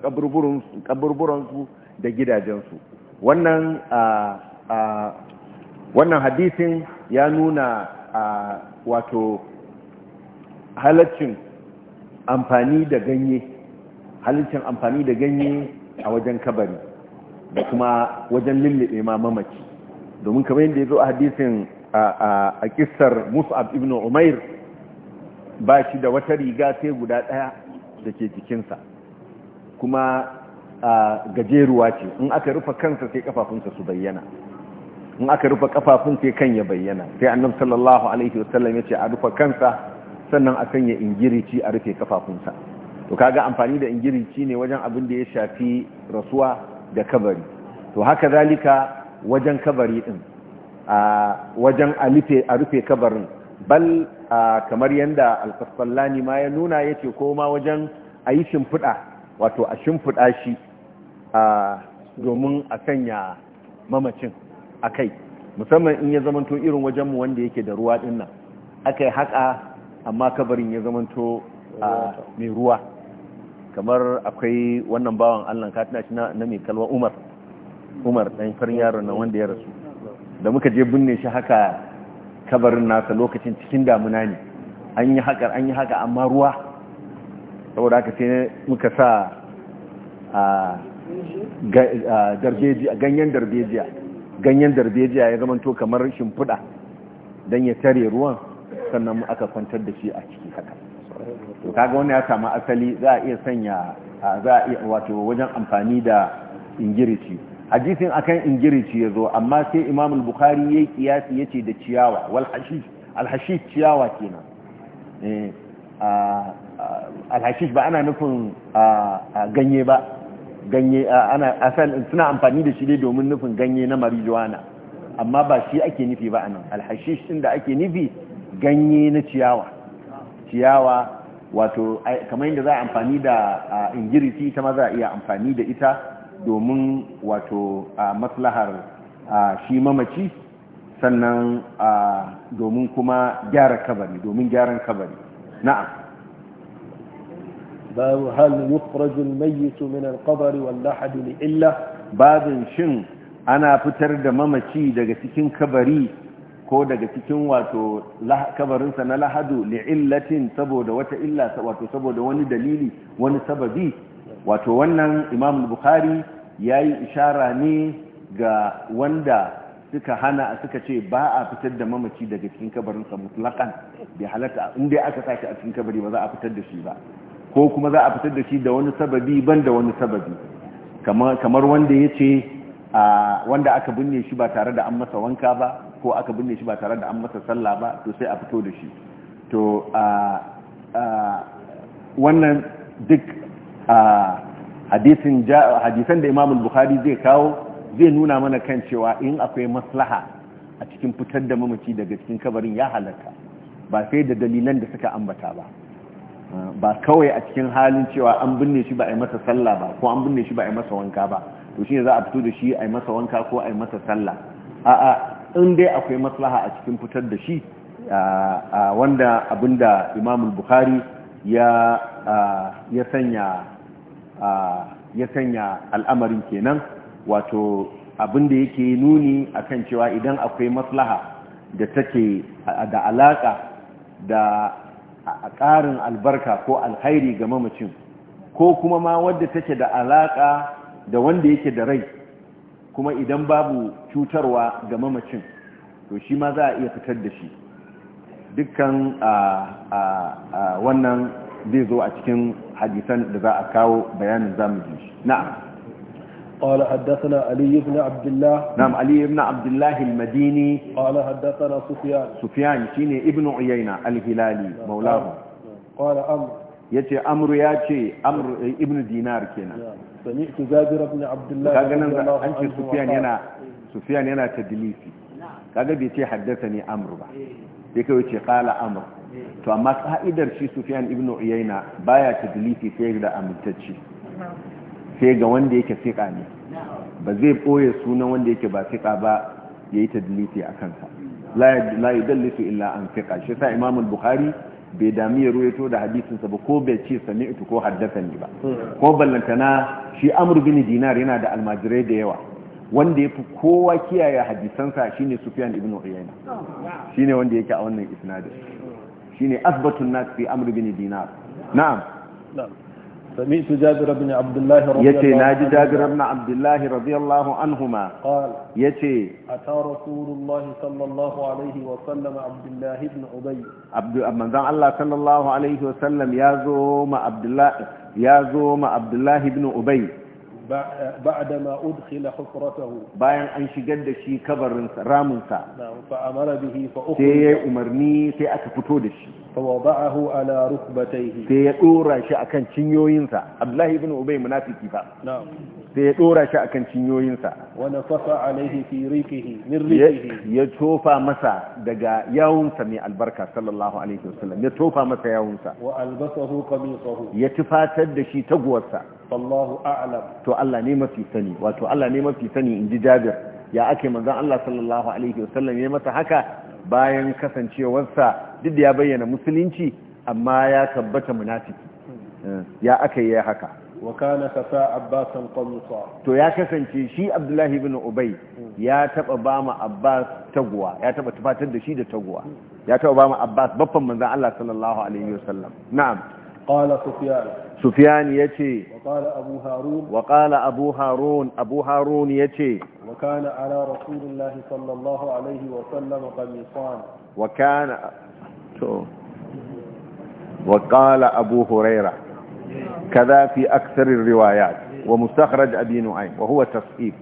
kaburburansu da gidajensu wannan wannan hadisin ya nuna wato halaccin amfani da ganye halaccin amfani da ganye a wajen kabari da kuma wajen lullube ma mamaci domin kamar yadda ya zo a hadisin a kissar mus'ab ibn umair ba shi da wata riga sai guda daya da ke jikinsa kuma gajeruwa ce in aka rufe kansa sai kafafunsa su bayyana in aka rufe kafafun sai kan ya bayyana sai annabi sallallahu alaihi wasallam ya ce a rufe kansa sannan a sanya ingirici a rufe kafafunsa to kaga amfani da ingirici ne wajen abin da ya shafi rasuwa da kabari to haka zalika wajen kabari din a wajen a rufe kabarin bal kamar yanda alkasallani ma ya nuna yace ko ma wajen a yi shimfiɗa wato a shimfiɗa shi a domin a sanya mamacin a kai musamman in ya zamanto irin wajenmu wanda yake da ruwa din nan aka yi haƙa amma kabarin ya zamanto mai ruwa kamar akwai wannan bawan allah katina shi na mai kalwa umar umar ɗan farin yaron nan wanda ya rasu da muka je binne shi haka kabarin nasa lokacin cikin damuna ne an yi haƙar an yi haka amma ruwa saboda aka sai muka sa a ganyen darbejiya ganyen darbejiya ya zamanto kamar shimfiɗa don ya tare ruwan sannan aka kwantar da shi a ciki haka to kaga wani ya samu asali za a iya sanya za a iya wato wajen amfani da ingirici hadisin akan ingirici ya zo amma sai imam bukhari ya yi kiyasi ya ce da ciyawa alhashish ciyawa kenan eh, al ba ana nufin ganye ba ganye ana suna amfani da shi dai domin nufin ganye na marijuana amma ba shi ake nufi ba anan alhashish din da ake nufi ganye na ciyawa ciyawa wato kamar yadda za a amfani da ingiriti ita ma za a iya amfani da ita domin wato maslahar shi mamaci sannan domin kuma gyara kabari domin gyaran kabari na'am باب هل يخرج الميت من القبر واللحد لإلا باب شن أنا فتر دمامتي دقا cikin kabari ko daga cikin wato kabarinsa na lahadu li'illatin saboda wata illa wato saboda wani dalili wani sababi wato wannan imam bukhari ya yi ishara ne ga wanda suka hana suka ce ba a fitar da mamaci daga cikin kabarinsa mutlakan bai halatta inda aka sake a cikin kabari ba za a fitar da shi ba ko kuma za a fitar da shi da wani sababi ban da wani sababi kamar wanda ya ce wanda aka binne shi ba tare da an masa wanka ba ko aka binne shi ba tare da an masa sallah ba to sai a fito da shi to wannan duk hadisan da imamul bukhari zai kawo zai nuna mana kan cewa in akwai maslaha a cikin fitar da mamaci daga cikin kabarin ya halarta ba sai da dalilan da suka ambata ba ba kawai a cikin halin cewa an binne shi ba a yi masa sallah ba ko an binne shi ba a yi masa wanka ba to shi za a fito da shi a yi masa wanka ko a yi masa sallah a'a in dai akwai maslaha a cikin fitar da shi A wanda abinda imam bukhari ya ya sanya ya sanya al'amarin kenan wato abinda yake nuni akan cewa idan akwai maslaha da take da alaka da a ƙarin albarka ko alhairi ga mamacin ko kuma ma wadda take da alaƙa da wanda yake da rai kuma idan babu cutarwa ga mamacin to shi ma za a iya fitar da shi dukkan wannan zai zo a cikin hadisan da za a kawo bayanin zamu na'am قال حدثنا علي بن عبد الله نعم علي بن عبد الله المديني قال حدثنا سفيان سفيان شيني ابن عيينة الهلالي مولاه قال أمر يتي أمر ياتي أمر ابن دينار كنا سمعت جابر بن عبد الله كاغنا أنت سفيان ينا سفيان ينا تدليسي kaga bai ce haddasa ne amr ba sai kawai ce kala amr to amma ka'idar shi sufyan ibnu uyayna baya tadlisi sai da amintacci sai ga wanda yake siƙa ne ba zai ɓoye sunan wanda yake ba siƙa ba ya yi tadlisi a kansa la yi illa an siƙa shi sa imamul bukhari bai dami ya ruwaito da hadisinsa ba ko bai ce sami'tu ko haddasa ni ba ko ballantana shi amr bin dinar yana da almajirai da yawa wanda ya fi kowa kiyaye hadisansa shine sufyan ibn uyayna shine wanda yake a wannan isnadin shine asbatun nas fi amr bin dinar na'am سمعت جابر بن عبد الله رضي الله يتي ناجي جابر بن عبد الله رضي الله عنهما قال يتي أتى رسول الله صلى الله عليه وسلم عبد الله بن أبي عبد من ذا الله صلى الله عليه وسلم يازوم عبد الله يازوم عبد الله بن أبي بعدما أدخل حفرته باين أن شجد شي كبر رامنسا نعم فأمر به فأخرج سي أمرني سي أكفتودش فوضعه على ركبتيه sai ya dora shi akan cinyoyinsa Abdullahi ibn Ubay munafiki fa sai ya dora shi akan cinyoyinsa wa nafafa alaihi fi riqihi min riqihi ya tofa masa daga yawunsa mai albarka sallallahu alaihi wasallam ya tofa masa yawunsa wa albasahu qamisahu ya tufatar da shi taguwarsa wallahu a'lam to Allah ne mafi sani wato Allah ne mafi sani inji Jabir ya ake manzon Allah sallallahu alaihi wasallam ya masa haka bayan kasancewarsa duk da ya bayyana musulunci amma ya tabbata munafiki ya aka yi haka wa kana kasa abbasan qamsa to ya kasance shi abdullahi ibn ubay ya taba ba mu abbas taguwa ya taba tufatar da shi da taguwa ya taba ba mu abbas babban manzon Allah sallallahu alaihi wasallam na'am qala sufyan sufyan yace wa qala abu harun wa qala abu harun abu harun yace wa kana ala rasulillahi sallallahu alaihi wasallam qamisan wa kana وقال أبو هريرة كذا في أكثر الروايات ومستخرج أبي نعيم وهو تصحيف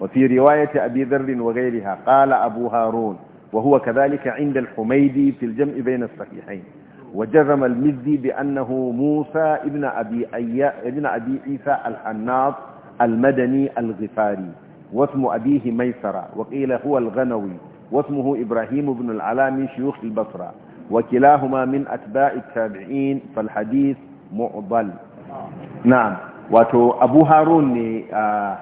وفي رواية أبي ذر وغيرها قال أبو هارون وهو كذلك عند الحميدي في الجمع بين الصحيحين وجزم المزي بأنه موسى ابن أبي, أي... ابن أبي عيسى الحناط المدني الغفاري واسم أبيه ميسرة وقيل هو الغنوي واسمه إبراهيم بن العلامي شيوخ البصرة وكلاهما من أتباع التابعين فالحديث معضل نعم واتو أبو هارون ني آه،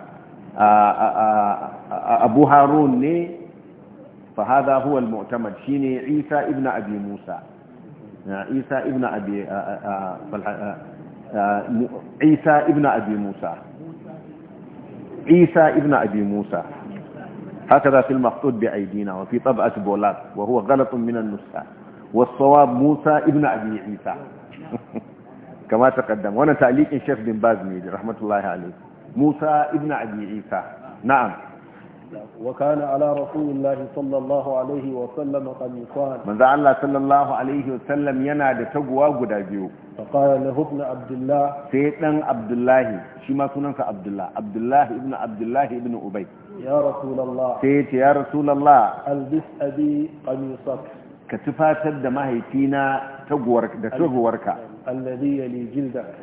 آه، آه، أبو هارون ني فهذا هو المعتمد شيني عيسى ابن أبي موسى عيسى ابن أبي عيسى ابن أبي موسى عيسى ابن أبي موسى هكذا في المخطوط بأيدينا وفي طبعة بولات وهو غلط من النسخة والصواب موسى ابن أبي عيسى كما تقدم وانا تعليق الشيخ بن باز ميدي رحمة الله عليه موسى ابن أبي عيسى نعم وكان على رسول الله صلى الله عليه وسلم قميصان من ذا الله صلى الله عليه وسلم ينادى تقوى قدابيو فقال له ابن عبد الله سيدنا عبد الله شما سننسى عبد الله عبد الله ابن عبد الله ابن أبي يا رسول الله سيد يا رسول الله البس أبي قميصك ka tufatar da mahaifina da taguwarka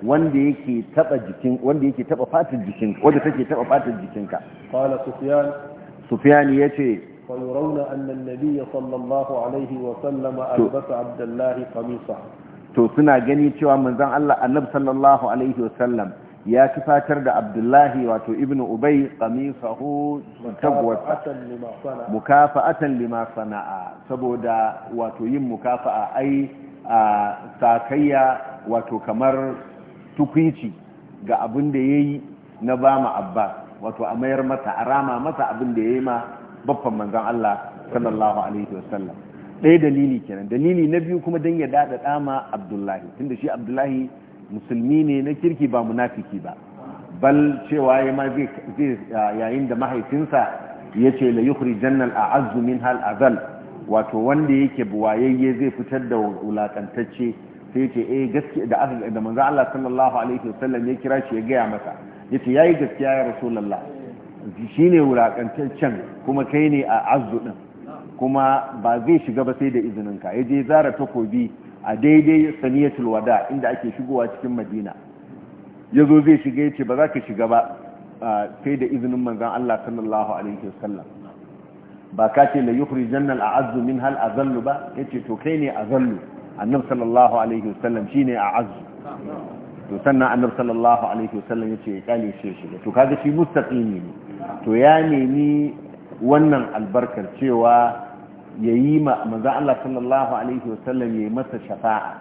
wanda yake taba jikin wanda yake taba fatar jikin wanda take taba fatar jikinka qala sufyan sufyan yace fa anna an-nabiy sallallahu alaihi wa sallam albasa abdullah qamisa to suna gani cewa manzon Allah annabi sallallahu alaihi wa sallam ya tufatar da abdullahi wato ibn ubay qamisahu tagwata mukafa'atan lima sana'a saboda wato yin mukafa'a ai a sakayya wato kamar tukwici ga abin da yayi na bama abba, wato a mayar masa a rama masa abin da yayi ma babban manzon Allah sallallahu alaihi wasallam ɗaya dalili kenan dalili na biyu kuma dan ya dada dama abdullahi tunda shi abdullahi musulmi ne na kirki ba munafiki ba bal cewa ya ma zai yayin da mahaifinsa ya ce la yukhri jannal a'azzu min hal azal wato wanda yake buwayayye zai fitar da wulakantacce sai ce eh gaskiya da aka da manzo Allah sallallahu alaihi wasallam ya kira shi ya gaya masa yace yayi gaskiya ya rasulullah shine wulakantaccen kuma kai ne a azzu din kuma ba zai shiga ba sai da izinin ya yaje zara takobi a daidai saniyatul wada inda ake shigowa cikin madina ya zo zai shiga ya ce ba za ka shiga ba sai da izinin manzan Allah sallallahu alaihi wasallam ba ka ce la yukhri jannal a'azzu min hal azallu ba ya ce to kai ne azallu annab sallallahu alaihi wasallam shine a'azzu to sannan annab sallallahu alaihi wasallam ce ya kale shi shiga to kaga shi mustaqimi ne to ya nemi wannan albarkar cewa ya yi ma manzan Allah sallallahu Alaihi wasallam ya yi masa shafa'a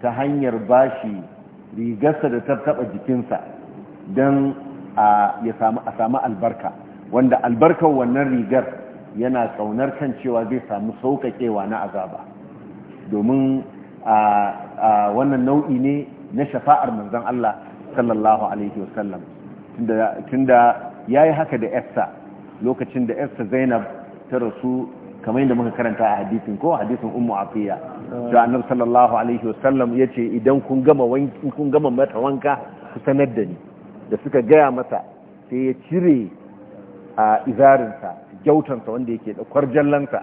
ta hanyar bashi rigarsa da tattaba jikinsa don a samu albarka wanda albarkar wannan rigar yana tsaunar kan cewa zai samu sauƙaƙewa na azaba domin wannan nau'i ne na shafa'ar manzan Allah sallallahu Alaihi wasallam tunda ya yi haka da Esther lokacin da Esther Zainab ta rasu kamar yadda muka karanta a hadisin ko hadisin ummu afiya to annab sallallahu alaihi wasallam yace idan kun gama gama mata wanka su sanar da ni da suka gaya masa sai ya cire a izarinsa gyautansa wanda yake da kwarjallansa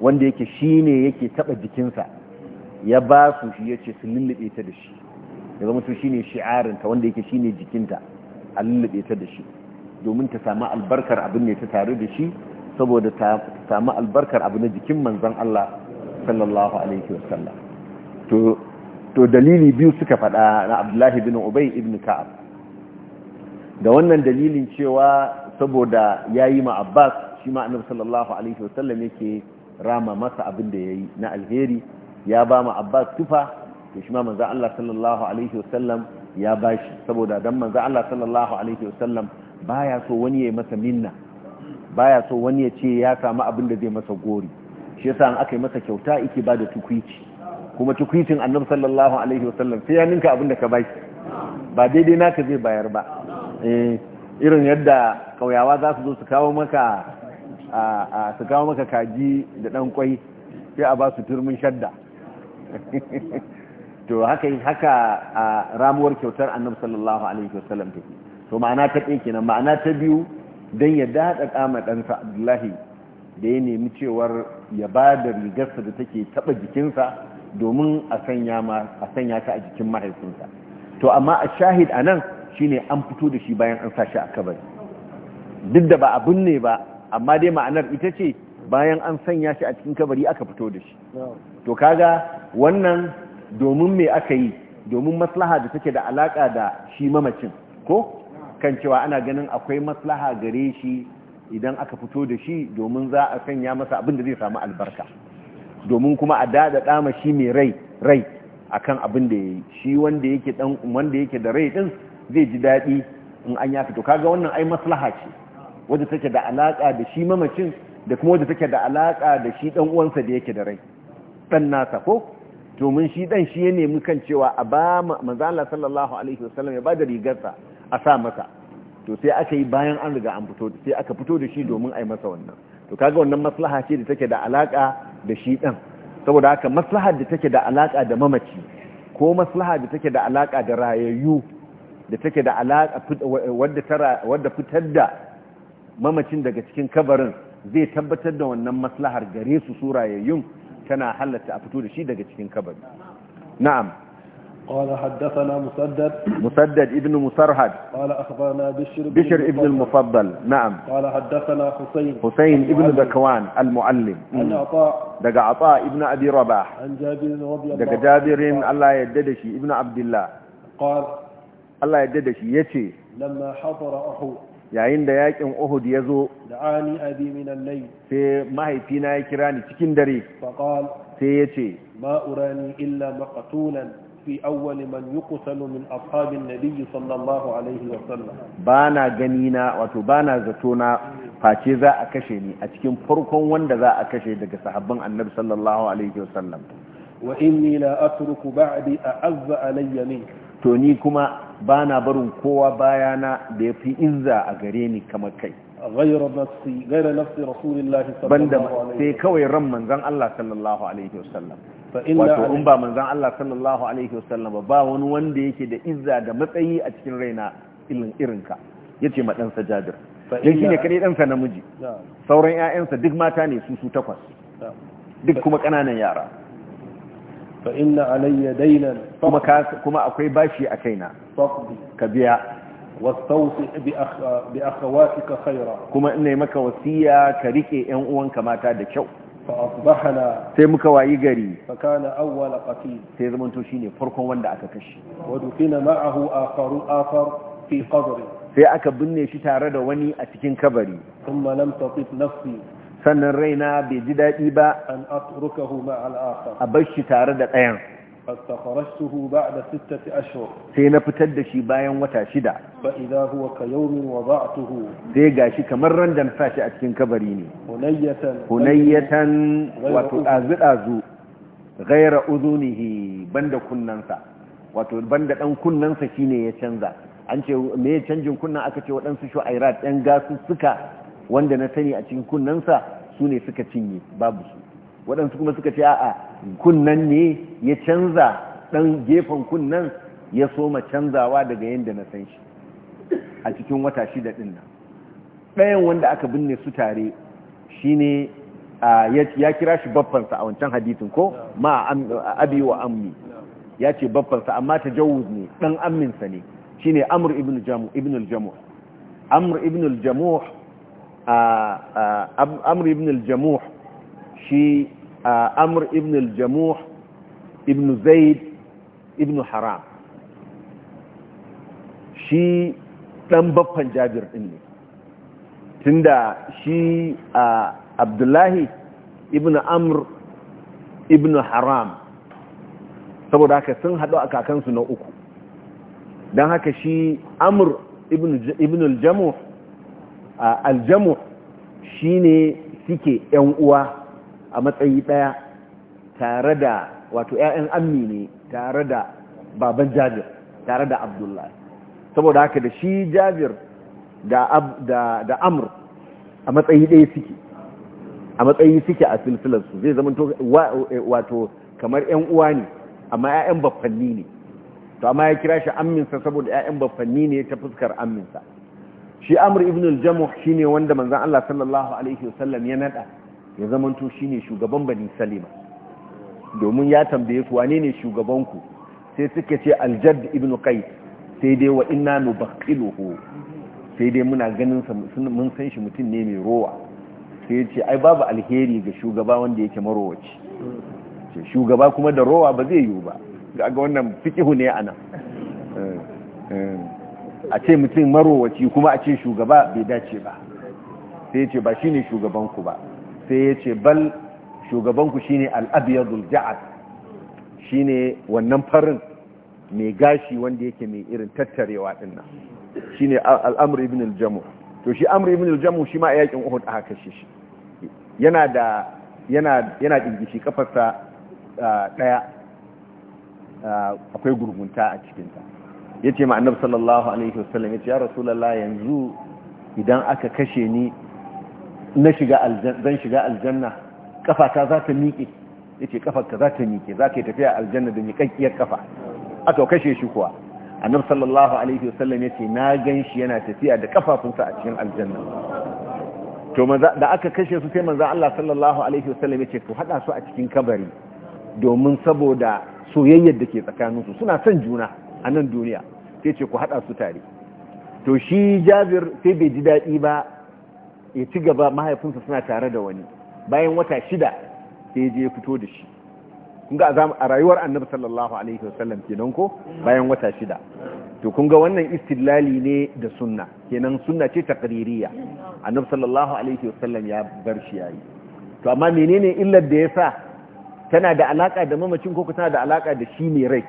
wanda yake shine yake taba jikinsa ya ba su shi yace su lullube ta da shi ya zama shi shine shi'arinta wanda yake shine jikinta a lullube ta da shi domin ta sami albarkar abin ne ta tare da shi saboda ta samu albarkar abu na jikin manzan Allah sallallahu alaihi wasallam to to dalili biyu suka faɗa na Abdullahi bin Ubay ibn Ka'ab da wannan dalilin cewa saboda yayi ma Abbas shi ma Annabi sallallahu alaihi wasallam yake rama masa abin da yayi na alheri ya ba ma Abbas tufa to shi ma manzan Allah sallallahu alaihi wasallam ya bashi saboda dan manzan Allah sallallahu alaihi wasallam baya so wani yayi masa minna baya so wani ya ce ya samu abin da zai masa gori shi yasa an aka yi masa kyauta yake bada da tukwici kuma tukwicin annabi sallallahu alaihi sallam sai ya ninka abin da ka bai ba daidai naka zai bayar ba eh, irin yadda kauyawa za su zo su kawo maka a su kawo maka kaji da dan kwai sai a ba su turmin shadda to haka haka ramuwar kyautar annabi sallallahu alaihi sallam take to ma'ana ta ɗaya kenan ma'ana ta biyu don ya daɗa ƙama ɗansa abdullahi da ya nemi cewar ya ba da rigarsa da take taɓa jikinsa domin a sanya ta a jikin mahaifinsa to amma a shahid a nan shi ne an fito da shi bayan an sashi a kabari duk da ba abin ne ba amma dai ma'anar ita ce bayan an sanya shi a cikin kabari aka fito da shi to kaga wannan domin me aka yi domin maslaha da take da alaƙa da shi mamacin ko kan cewa ana ganin akwai maslaha gare shi idan aka fito da shi domin za a sanya masa abin da zai samu albarka domin kuma a dada dama shi mai rai rai akan abin da yayi shi wanda yake dan wanda yake da rai din zai ji dadi in an ya fito kaga wannan ai maslaha ce wanda take da alaka da shi mamacin da kuma wanda take da alaka da shi dan uwansa da yake da rai dan nasa ko domin shi dan shi ya nemi kan cewa a ba manzo Allah sallallahu alaihi wasallam ya ba da rigarsa a sa masa to sai aka yi bayan an riga an fito sai aka fito da shi domin a yi masa wannan to kaga wannan maslaha ce da take da alaka da shi ɗan saboda haka maslaha da take da alaka da mamaci ko maslaha da take da alaka da rayayyu da take da alaka wadda fitar da mamacin daga cikin kabarin zai tabbatar da wannan maslahar gare su su rayayyun tana halatta a fito da shi daga cikin kabari na'am قال حدثنا مسدد مسدد ابن مسرهد قال أخبرنا بشر بشر ابن المفضل نعم قال حدثنا حسين حسين ابن ذكوان المعلم عن عطاء دقى عطاء ابن أبي رباح عن جابر رضي الله دقى جابر الله يددشي ابن عبد الله قال الله يددشي يتي لما حضر أحو yayin da yakin Uhud ya zo da'ani abi min al-layl sai mahaifina ya kira ni cikin dare faqal sai yace ma urani illa maqtulan في أول من يقتل من أصحاب النبي صلى الله عليه وسلم بانا جنينا وتبانا face za a kashe ni a cikin farkon wanda za a kashe daga sahabban annabi sallallahu alaihi a wa inni la atruku ba'di alayya min to ni kuma bana barin kowa bayana da yafi izza a gare ni kamar kai ghayra nafsi ghayra kawai ran manzon Allah sallallahu alaihi wasallam wato in ba manzan Allah sallallahu alaihi wasallam ba wani wanda yake da izza da matsayi a cikin raina irin irinka yace ma dan sajadar dan shine kare dan sa namiji sauran ƴaƴansa duk mata ne su su takwas duk kuma kananan yara fa inna alayya daynan kuma kuma akwai bashi a kaina ka biya wastawsi bi akhawatika khaira kuma ina maka wasiya ka rike ƴan uwanka mata da kyau fa asbahna sai muka wayi gari fa kana awwal qatil sai zamanto shine farkon wanda aka kashe wa dukina ma'ahu akharu akhar fi qabri sai aka binne shi tare da wani a cikin kabari thumma lam taqif nafsi sannan raina bai ji daɗi ba an atrukahu ma'al akhar a bar shi tare da ɗayan فاستخرجته بعد ستة أشهر سينا فتد شي بايا وتا شدا فإذا هو كيوم وضعته سيقا شي كمرا دنفاش كن كبريني هنية هنية وتؤذر أزو غير أذنه بند كننسا wato banda dan kunnansa shine ya canza an ce me canjin kunnan aka ce waɗansu shu'airat ɗan gasu suka wanda na sani a cikin kunnansa su ne suka cinye babu su waɗansu kuma suka ce a'a kunnan ne ya canza ɗan gefen kunnan ya soma canzawa daga yadda na san shi a cikin wata shida ɗin nan ɗayan wanda aka binne su tare shi ne ya kira shi babbansa a wancan hadithin ko ma abi wa ammi ya ce babbansa amma ta jawuz ne ɗan amminsa ne shi ne amur ibn jamuh amur ibn jamuh shi a Amur ibn al-jamuh ibn zaid ibn haram shi dan baffan jabir din ne tunda shi a abdullahi ibn amr ibn haram saboda haka sun haɗu a kakansu na uku don haka shi amur ibn al aljamu shi ne suke uwa a matsayi ɗaya tare da wato ‘ya'yan ammi ne tare da baban jabir tare da abdullahi saboda haka da shi jabir da amur a matsayi ɗaya suke a matsayi suke a silsilarsu zai zama wato kamar ‘yan uwa ne amma ‘ya'yan baffanni ne to amma ya kira shi amminsa saboda ‘ya'yan baffanni ne ta fuskar amminsa shi amur ibn al-jamuh shine wanda manzan Allah sallallahu alaihi wasallam ya nada ya shi ne shugaban bani salima domin ya tambaye su wane ne shugabanku sai suka ce aljad ibn qais sai dai wa inna ko sai dai muna ganin mun san shi mutum ne mai rowa sai ya ce ai babu alheri ga shugaba wanda yake marowaci ce shugaba kuma da rowa ba zai yiwu ba ga wannan fikihu ne ana eh, eh. a ce mutum marowaci kuma a ce shugaba bai dace ba sai ce ba shine shugabanku ba sai ya ce bal shugabanku shine al’abiyar shi shine wannan farin mai gashi wanda yake mai irin tattarewa shi shine al’amur ibn al-jamu to shi amur ibn al-jamu shi ma a yakin uhud aka kashe shi yana da yana yana dingishi kafarsa ɗaya akwai gurgunta a cikinta ya ce annabi sallallahu alaihi wasallam ce ya rasu rasulullah yanzu idan aka kashe ni na shiga aljanna zan shiga aljanna kafata za ta miƙe yace kafarka za ta miƙe za ka tafiya aljanna da miƙaƙƙiyar kafa to kashe shi kuwa annabi sallallahu alaihi wasallam yace na ganshi yana tafiya da kafafunsa a cikin aljanna to da aka kashe su sai manzo Allah sallallahu alaihi wasallam yace ku hada su a cikin kabari domin saboda soyayyar da ke tsakaninsu suna son juna a nan duniya sai ce ku hada su tare to shi Jabir sai bai ji dadi ba ya ci gaba mahaifinsa suna tare da wani bayan wata shida sai je ya fito da shi kun a rayuwar annabi sallallahu alaihi wasallam kenan ko bayan wata shida to kun wannan istidlali ne da sunna kenan sunna ce taqririya annabi sallallahu alaihi wasallam ya bar shi yayi to amma menene illar da yasa tana da alaka da mamacin ko tana da alaka da shi ne rai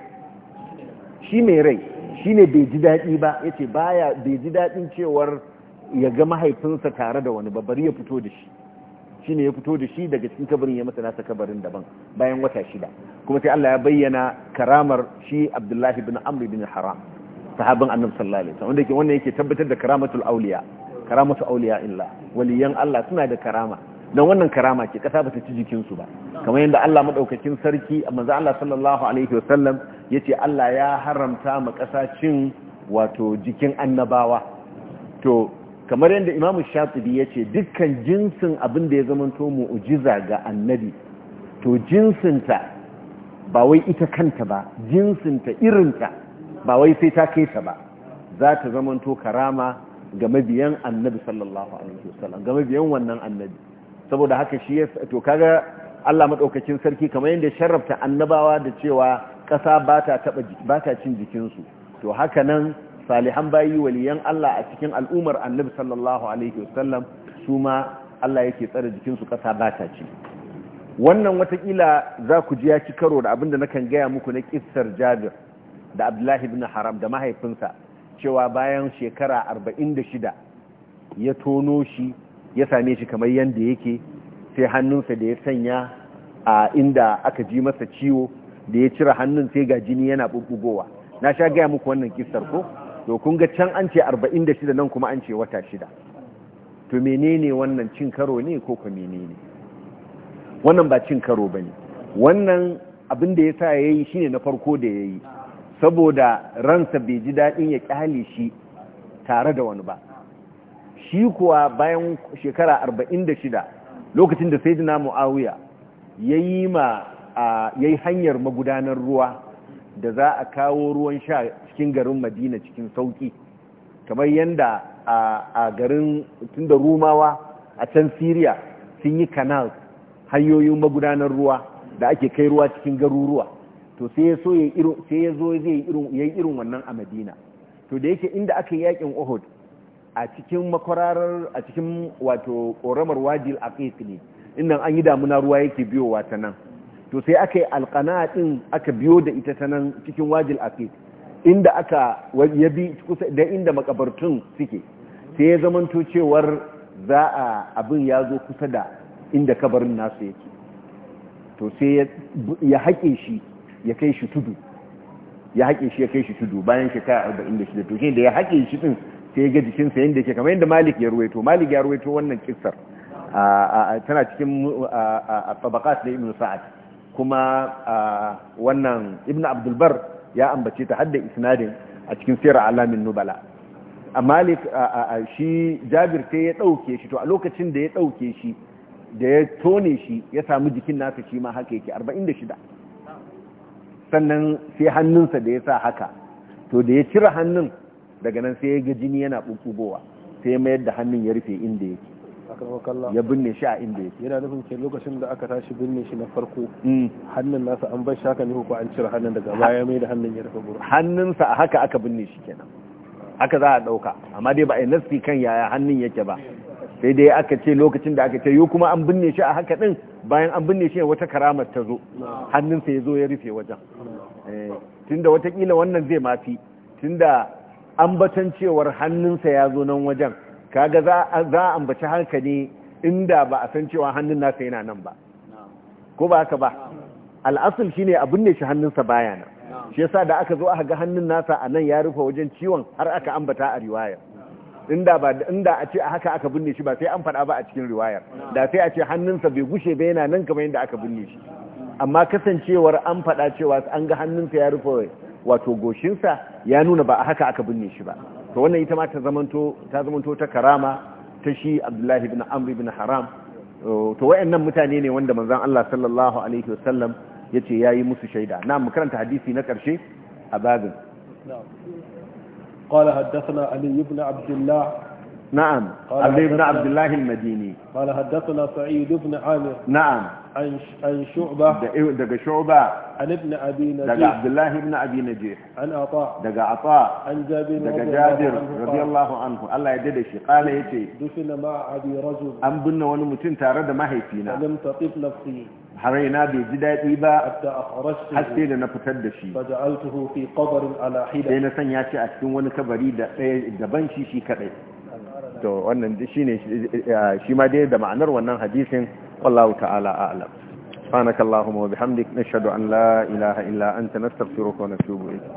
shi ne rai shine bai ji dadi ba yace baya bai ji dadin cewar ya ga mahaifinsa tare da wani babbar ya fito da shi shi ne ya fito da shi daga cikin kabarin ya masa nasa kabarin daban bayan wata shida kuma sai Allah ya bayyana karamar shi Abdullahi bin Amr bin Haram sahabin Annabi sallallahu alaihi wasallam wanda yake wannan yake tabbatar da karamatul auliya karamatu auliya illa waliyan Allah suna da karama dan wannan karama ke kasa bata ci jikin su ba kamar yadda Allah madaukakin sarki manzo Allah sallallahu alaihi wasallam yace Allah ya haramta ma kasa cin wato jikin annabawa to kamar yadda imamu shatibi ya ce dukkan jinsin abin da ya zamanto mu'ujiza ga annabi to jinsinta ba wai ita kanta ba jinsinta irinta ba wai sai ta kai ta ba za ta to karama ga mabiyan annabi sallallahu alaihi wasallam ga mabiyan wannan annabi saboda haka shi ya to kaga Allah madaukakin sarki kamar yadda sharrafta annabawa da cewa ƙasa ba ta taba ba ta cin jikinsu to haka nan salihan bayi waliyan Allah a cikin al'umar annabi sallallahu alaihi wasallam su ma Allah yake tsare su ƙasa ba ta ci wannan watakila za ku ji ya ci karo da abinda na kan gaya muku na ƙissar jabir da abdullahi ibn haram da mahaifinsa cewa bayan shekara 46 ya tono shi ya same shi kamar yadda yake sai hannunsa da ya sanya a inda aka ji masa ciwo da ya cire hannun sai ga jini yana bubbugowa na sha gaya muku wannan kissar ko to kun ga can an ce 46 nan kuma an ce wata shida to menene wannan cin karo ne ko ka menene wannan ba cin karo ba ne wannan abin da ya sa ya yi shine na farko da ya yi saboda ransa bai ji daɗin ya ƙyale shi tare da wani ba shi kuwa bayan shekara shida lokacin da sai dina mu'awiya ya yi hanyar magudanar ruwa da za a kawo ruwan cikin garin madina cikin sauki kamar yadda a garin tun da rumawa a can siriya sun yi canal hanyoyin magudanar ruwa da ake kai ruwa cikin garuruwa to sai ya so ya zo zai yi irin wannan a madina to da yake inda aka yi yakin uhud a cikin makwararar a cikin wato ƙoramar wajil a ne inda an yi damuna ruwa yake biyowa ta nan to sai aka yi alƙana ɗin aka biyo da ita ta nan cikin wajil a inda aka ya bi kusa da inda makabartun suke sai ya zamanto cewar za a abin ya zo kusa da inda kabarin nasu yake to sai ya haƙe shi ya kai shi tudu ya haƙe shi ya kai shi tudu bayan shekara 46 to shi da ya haƙe shi din sai ya ga jikinsa yadda yake kamar yadda malik ya ruwaito malik ya ruwaito wannan kissar tana cikin tabaqat da ibn sa'ad kuma wannan ibn abdulbar ya ambace ta hadda isnadin a cikin sirar alamin nubala a malik shi jabir sai ya ɗauke shi to a lokacin da ya ɗauke shi da ya tone shi ya samu jikin nasa shi ma haka yake 46 sannan sai hannunsa da ya sa haka to da ya cire hannun daga nan sai ya ga jini yana ɓuɓɓugowa sai ya mayar da hannun ya rufe inda yake ya binne shi a inda yake yana nufin ke lokacin da aka tashi binne shi na farko mm. hannun nasa an bar shaka ne ko an cire hannun daga baya mai da hannun ya rufe gura hannunsa a haka aka binne shi kenan haka za a dauka amma dai ba a nasfi kan yaya hannun yake ba sai dai aka ce lokacin da aka ce yi kuma an binne shi a haka din bayan an binne shi wata karamar ta zo hannunsa ya zo ya rufe wajen eh, tunda watakila wannan zai mafi tunda ambatan cewar hannunsa ya zo nan wajen kaga za a ambaci hankali inda ba a san cewa hannun nasa yana nan ba ko ba haka ba al'asul shine abin ne shi hannunsa baya nan shi yasa da aka zo aka ga hannun nasa a nan ya rufe wajen ciwon har aka ambata a riwayar inda ba inda a ce haka aka binne shi ba sai an faɗa ba a cikin riwayar da sai a ce hannunsa bai gushe ba yana nan kamar yadda aka binne shi amma kasancewar an faɗa cewa an ga hannunsa ya rufe wato goshinsa ya nuna ba a haka aka binne shi ba to wannan ita ma ta zamanto ta ta karama ta shi Abdullahi ibn amri ibn Haram to wayannan mutane ne wanda manzon Allah sallallahu alaihi wasallam yace yayi musu shaida na mu karanta hadisi na karshe a babin قال حدثنا علي بن عبد الله نعم علي بن عبد الله المديني قال حدثنا سعيد بن عامر نعم عن عن شعبة دقى شعبة عن ابن أبي نجيح دقى عبد الله بن أبي نجيح عن عطاء دقى عطاء عن جابر دقى جابر رضي الله عنه الله يدد شي قال يتي دفن مع أبي رجل أم بنا ونمتن تارد ما هي فينا لم تطيب نفسي harina bai ji daɗi ba har sai da na fitar da shi sai na sanya shi a cikin wani kabari da ɗaya daban shi shi kaɗai to wannan shine eh, shi ma dai da ma'anar wannan hadisin wallahu ta'ala a'lam subhanakallahumma wa bihamdik nashhadu an la ilaha illa anta nastaghfiruka wa natubu ilayk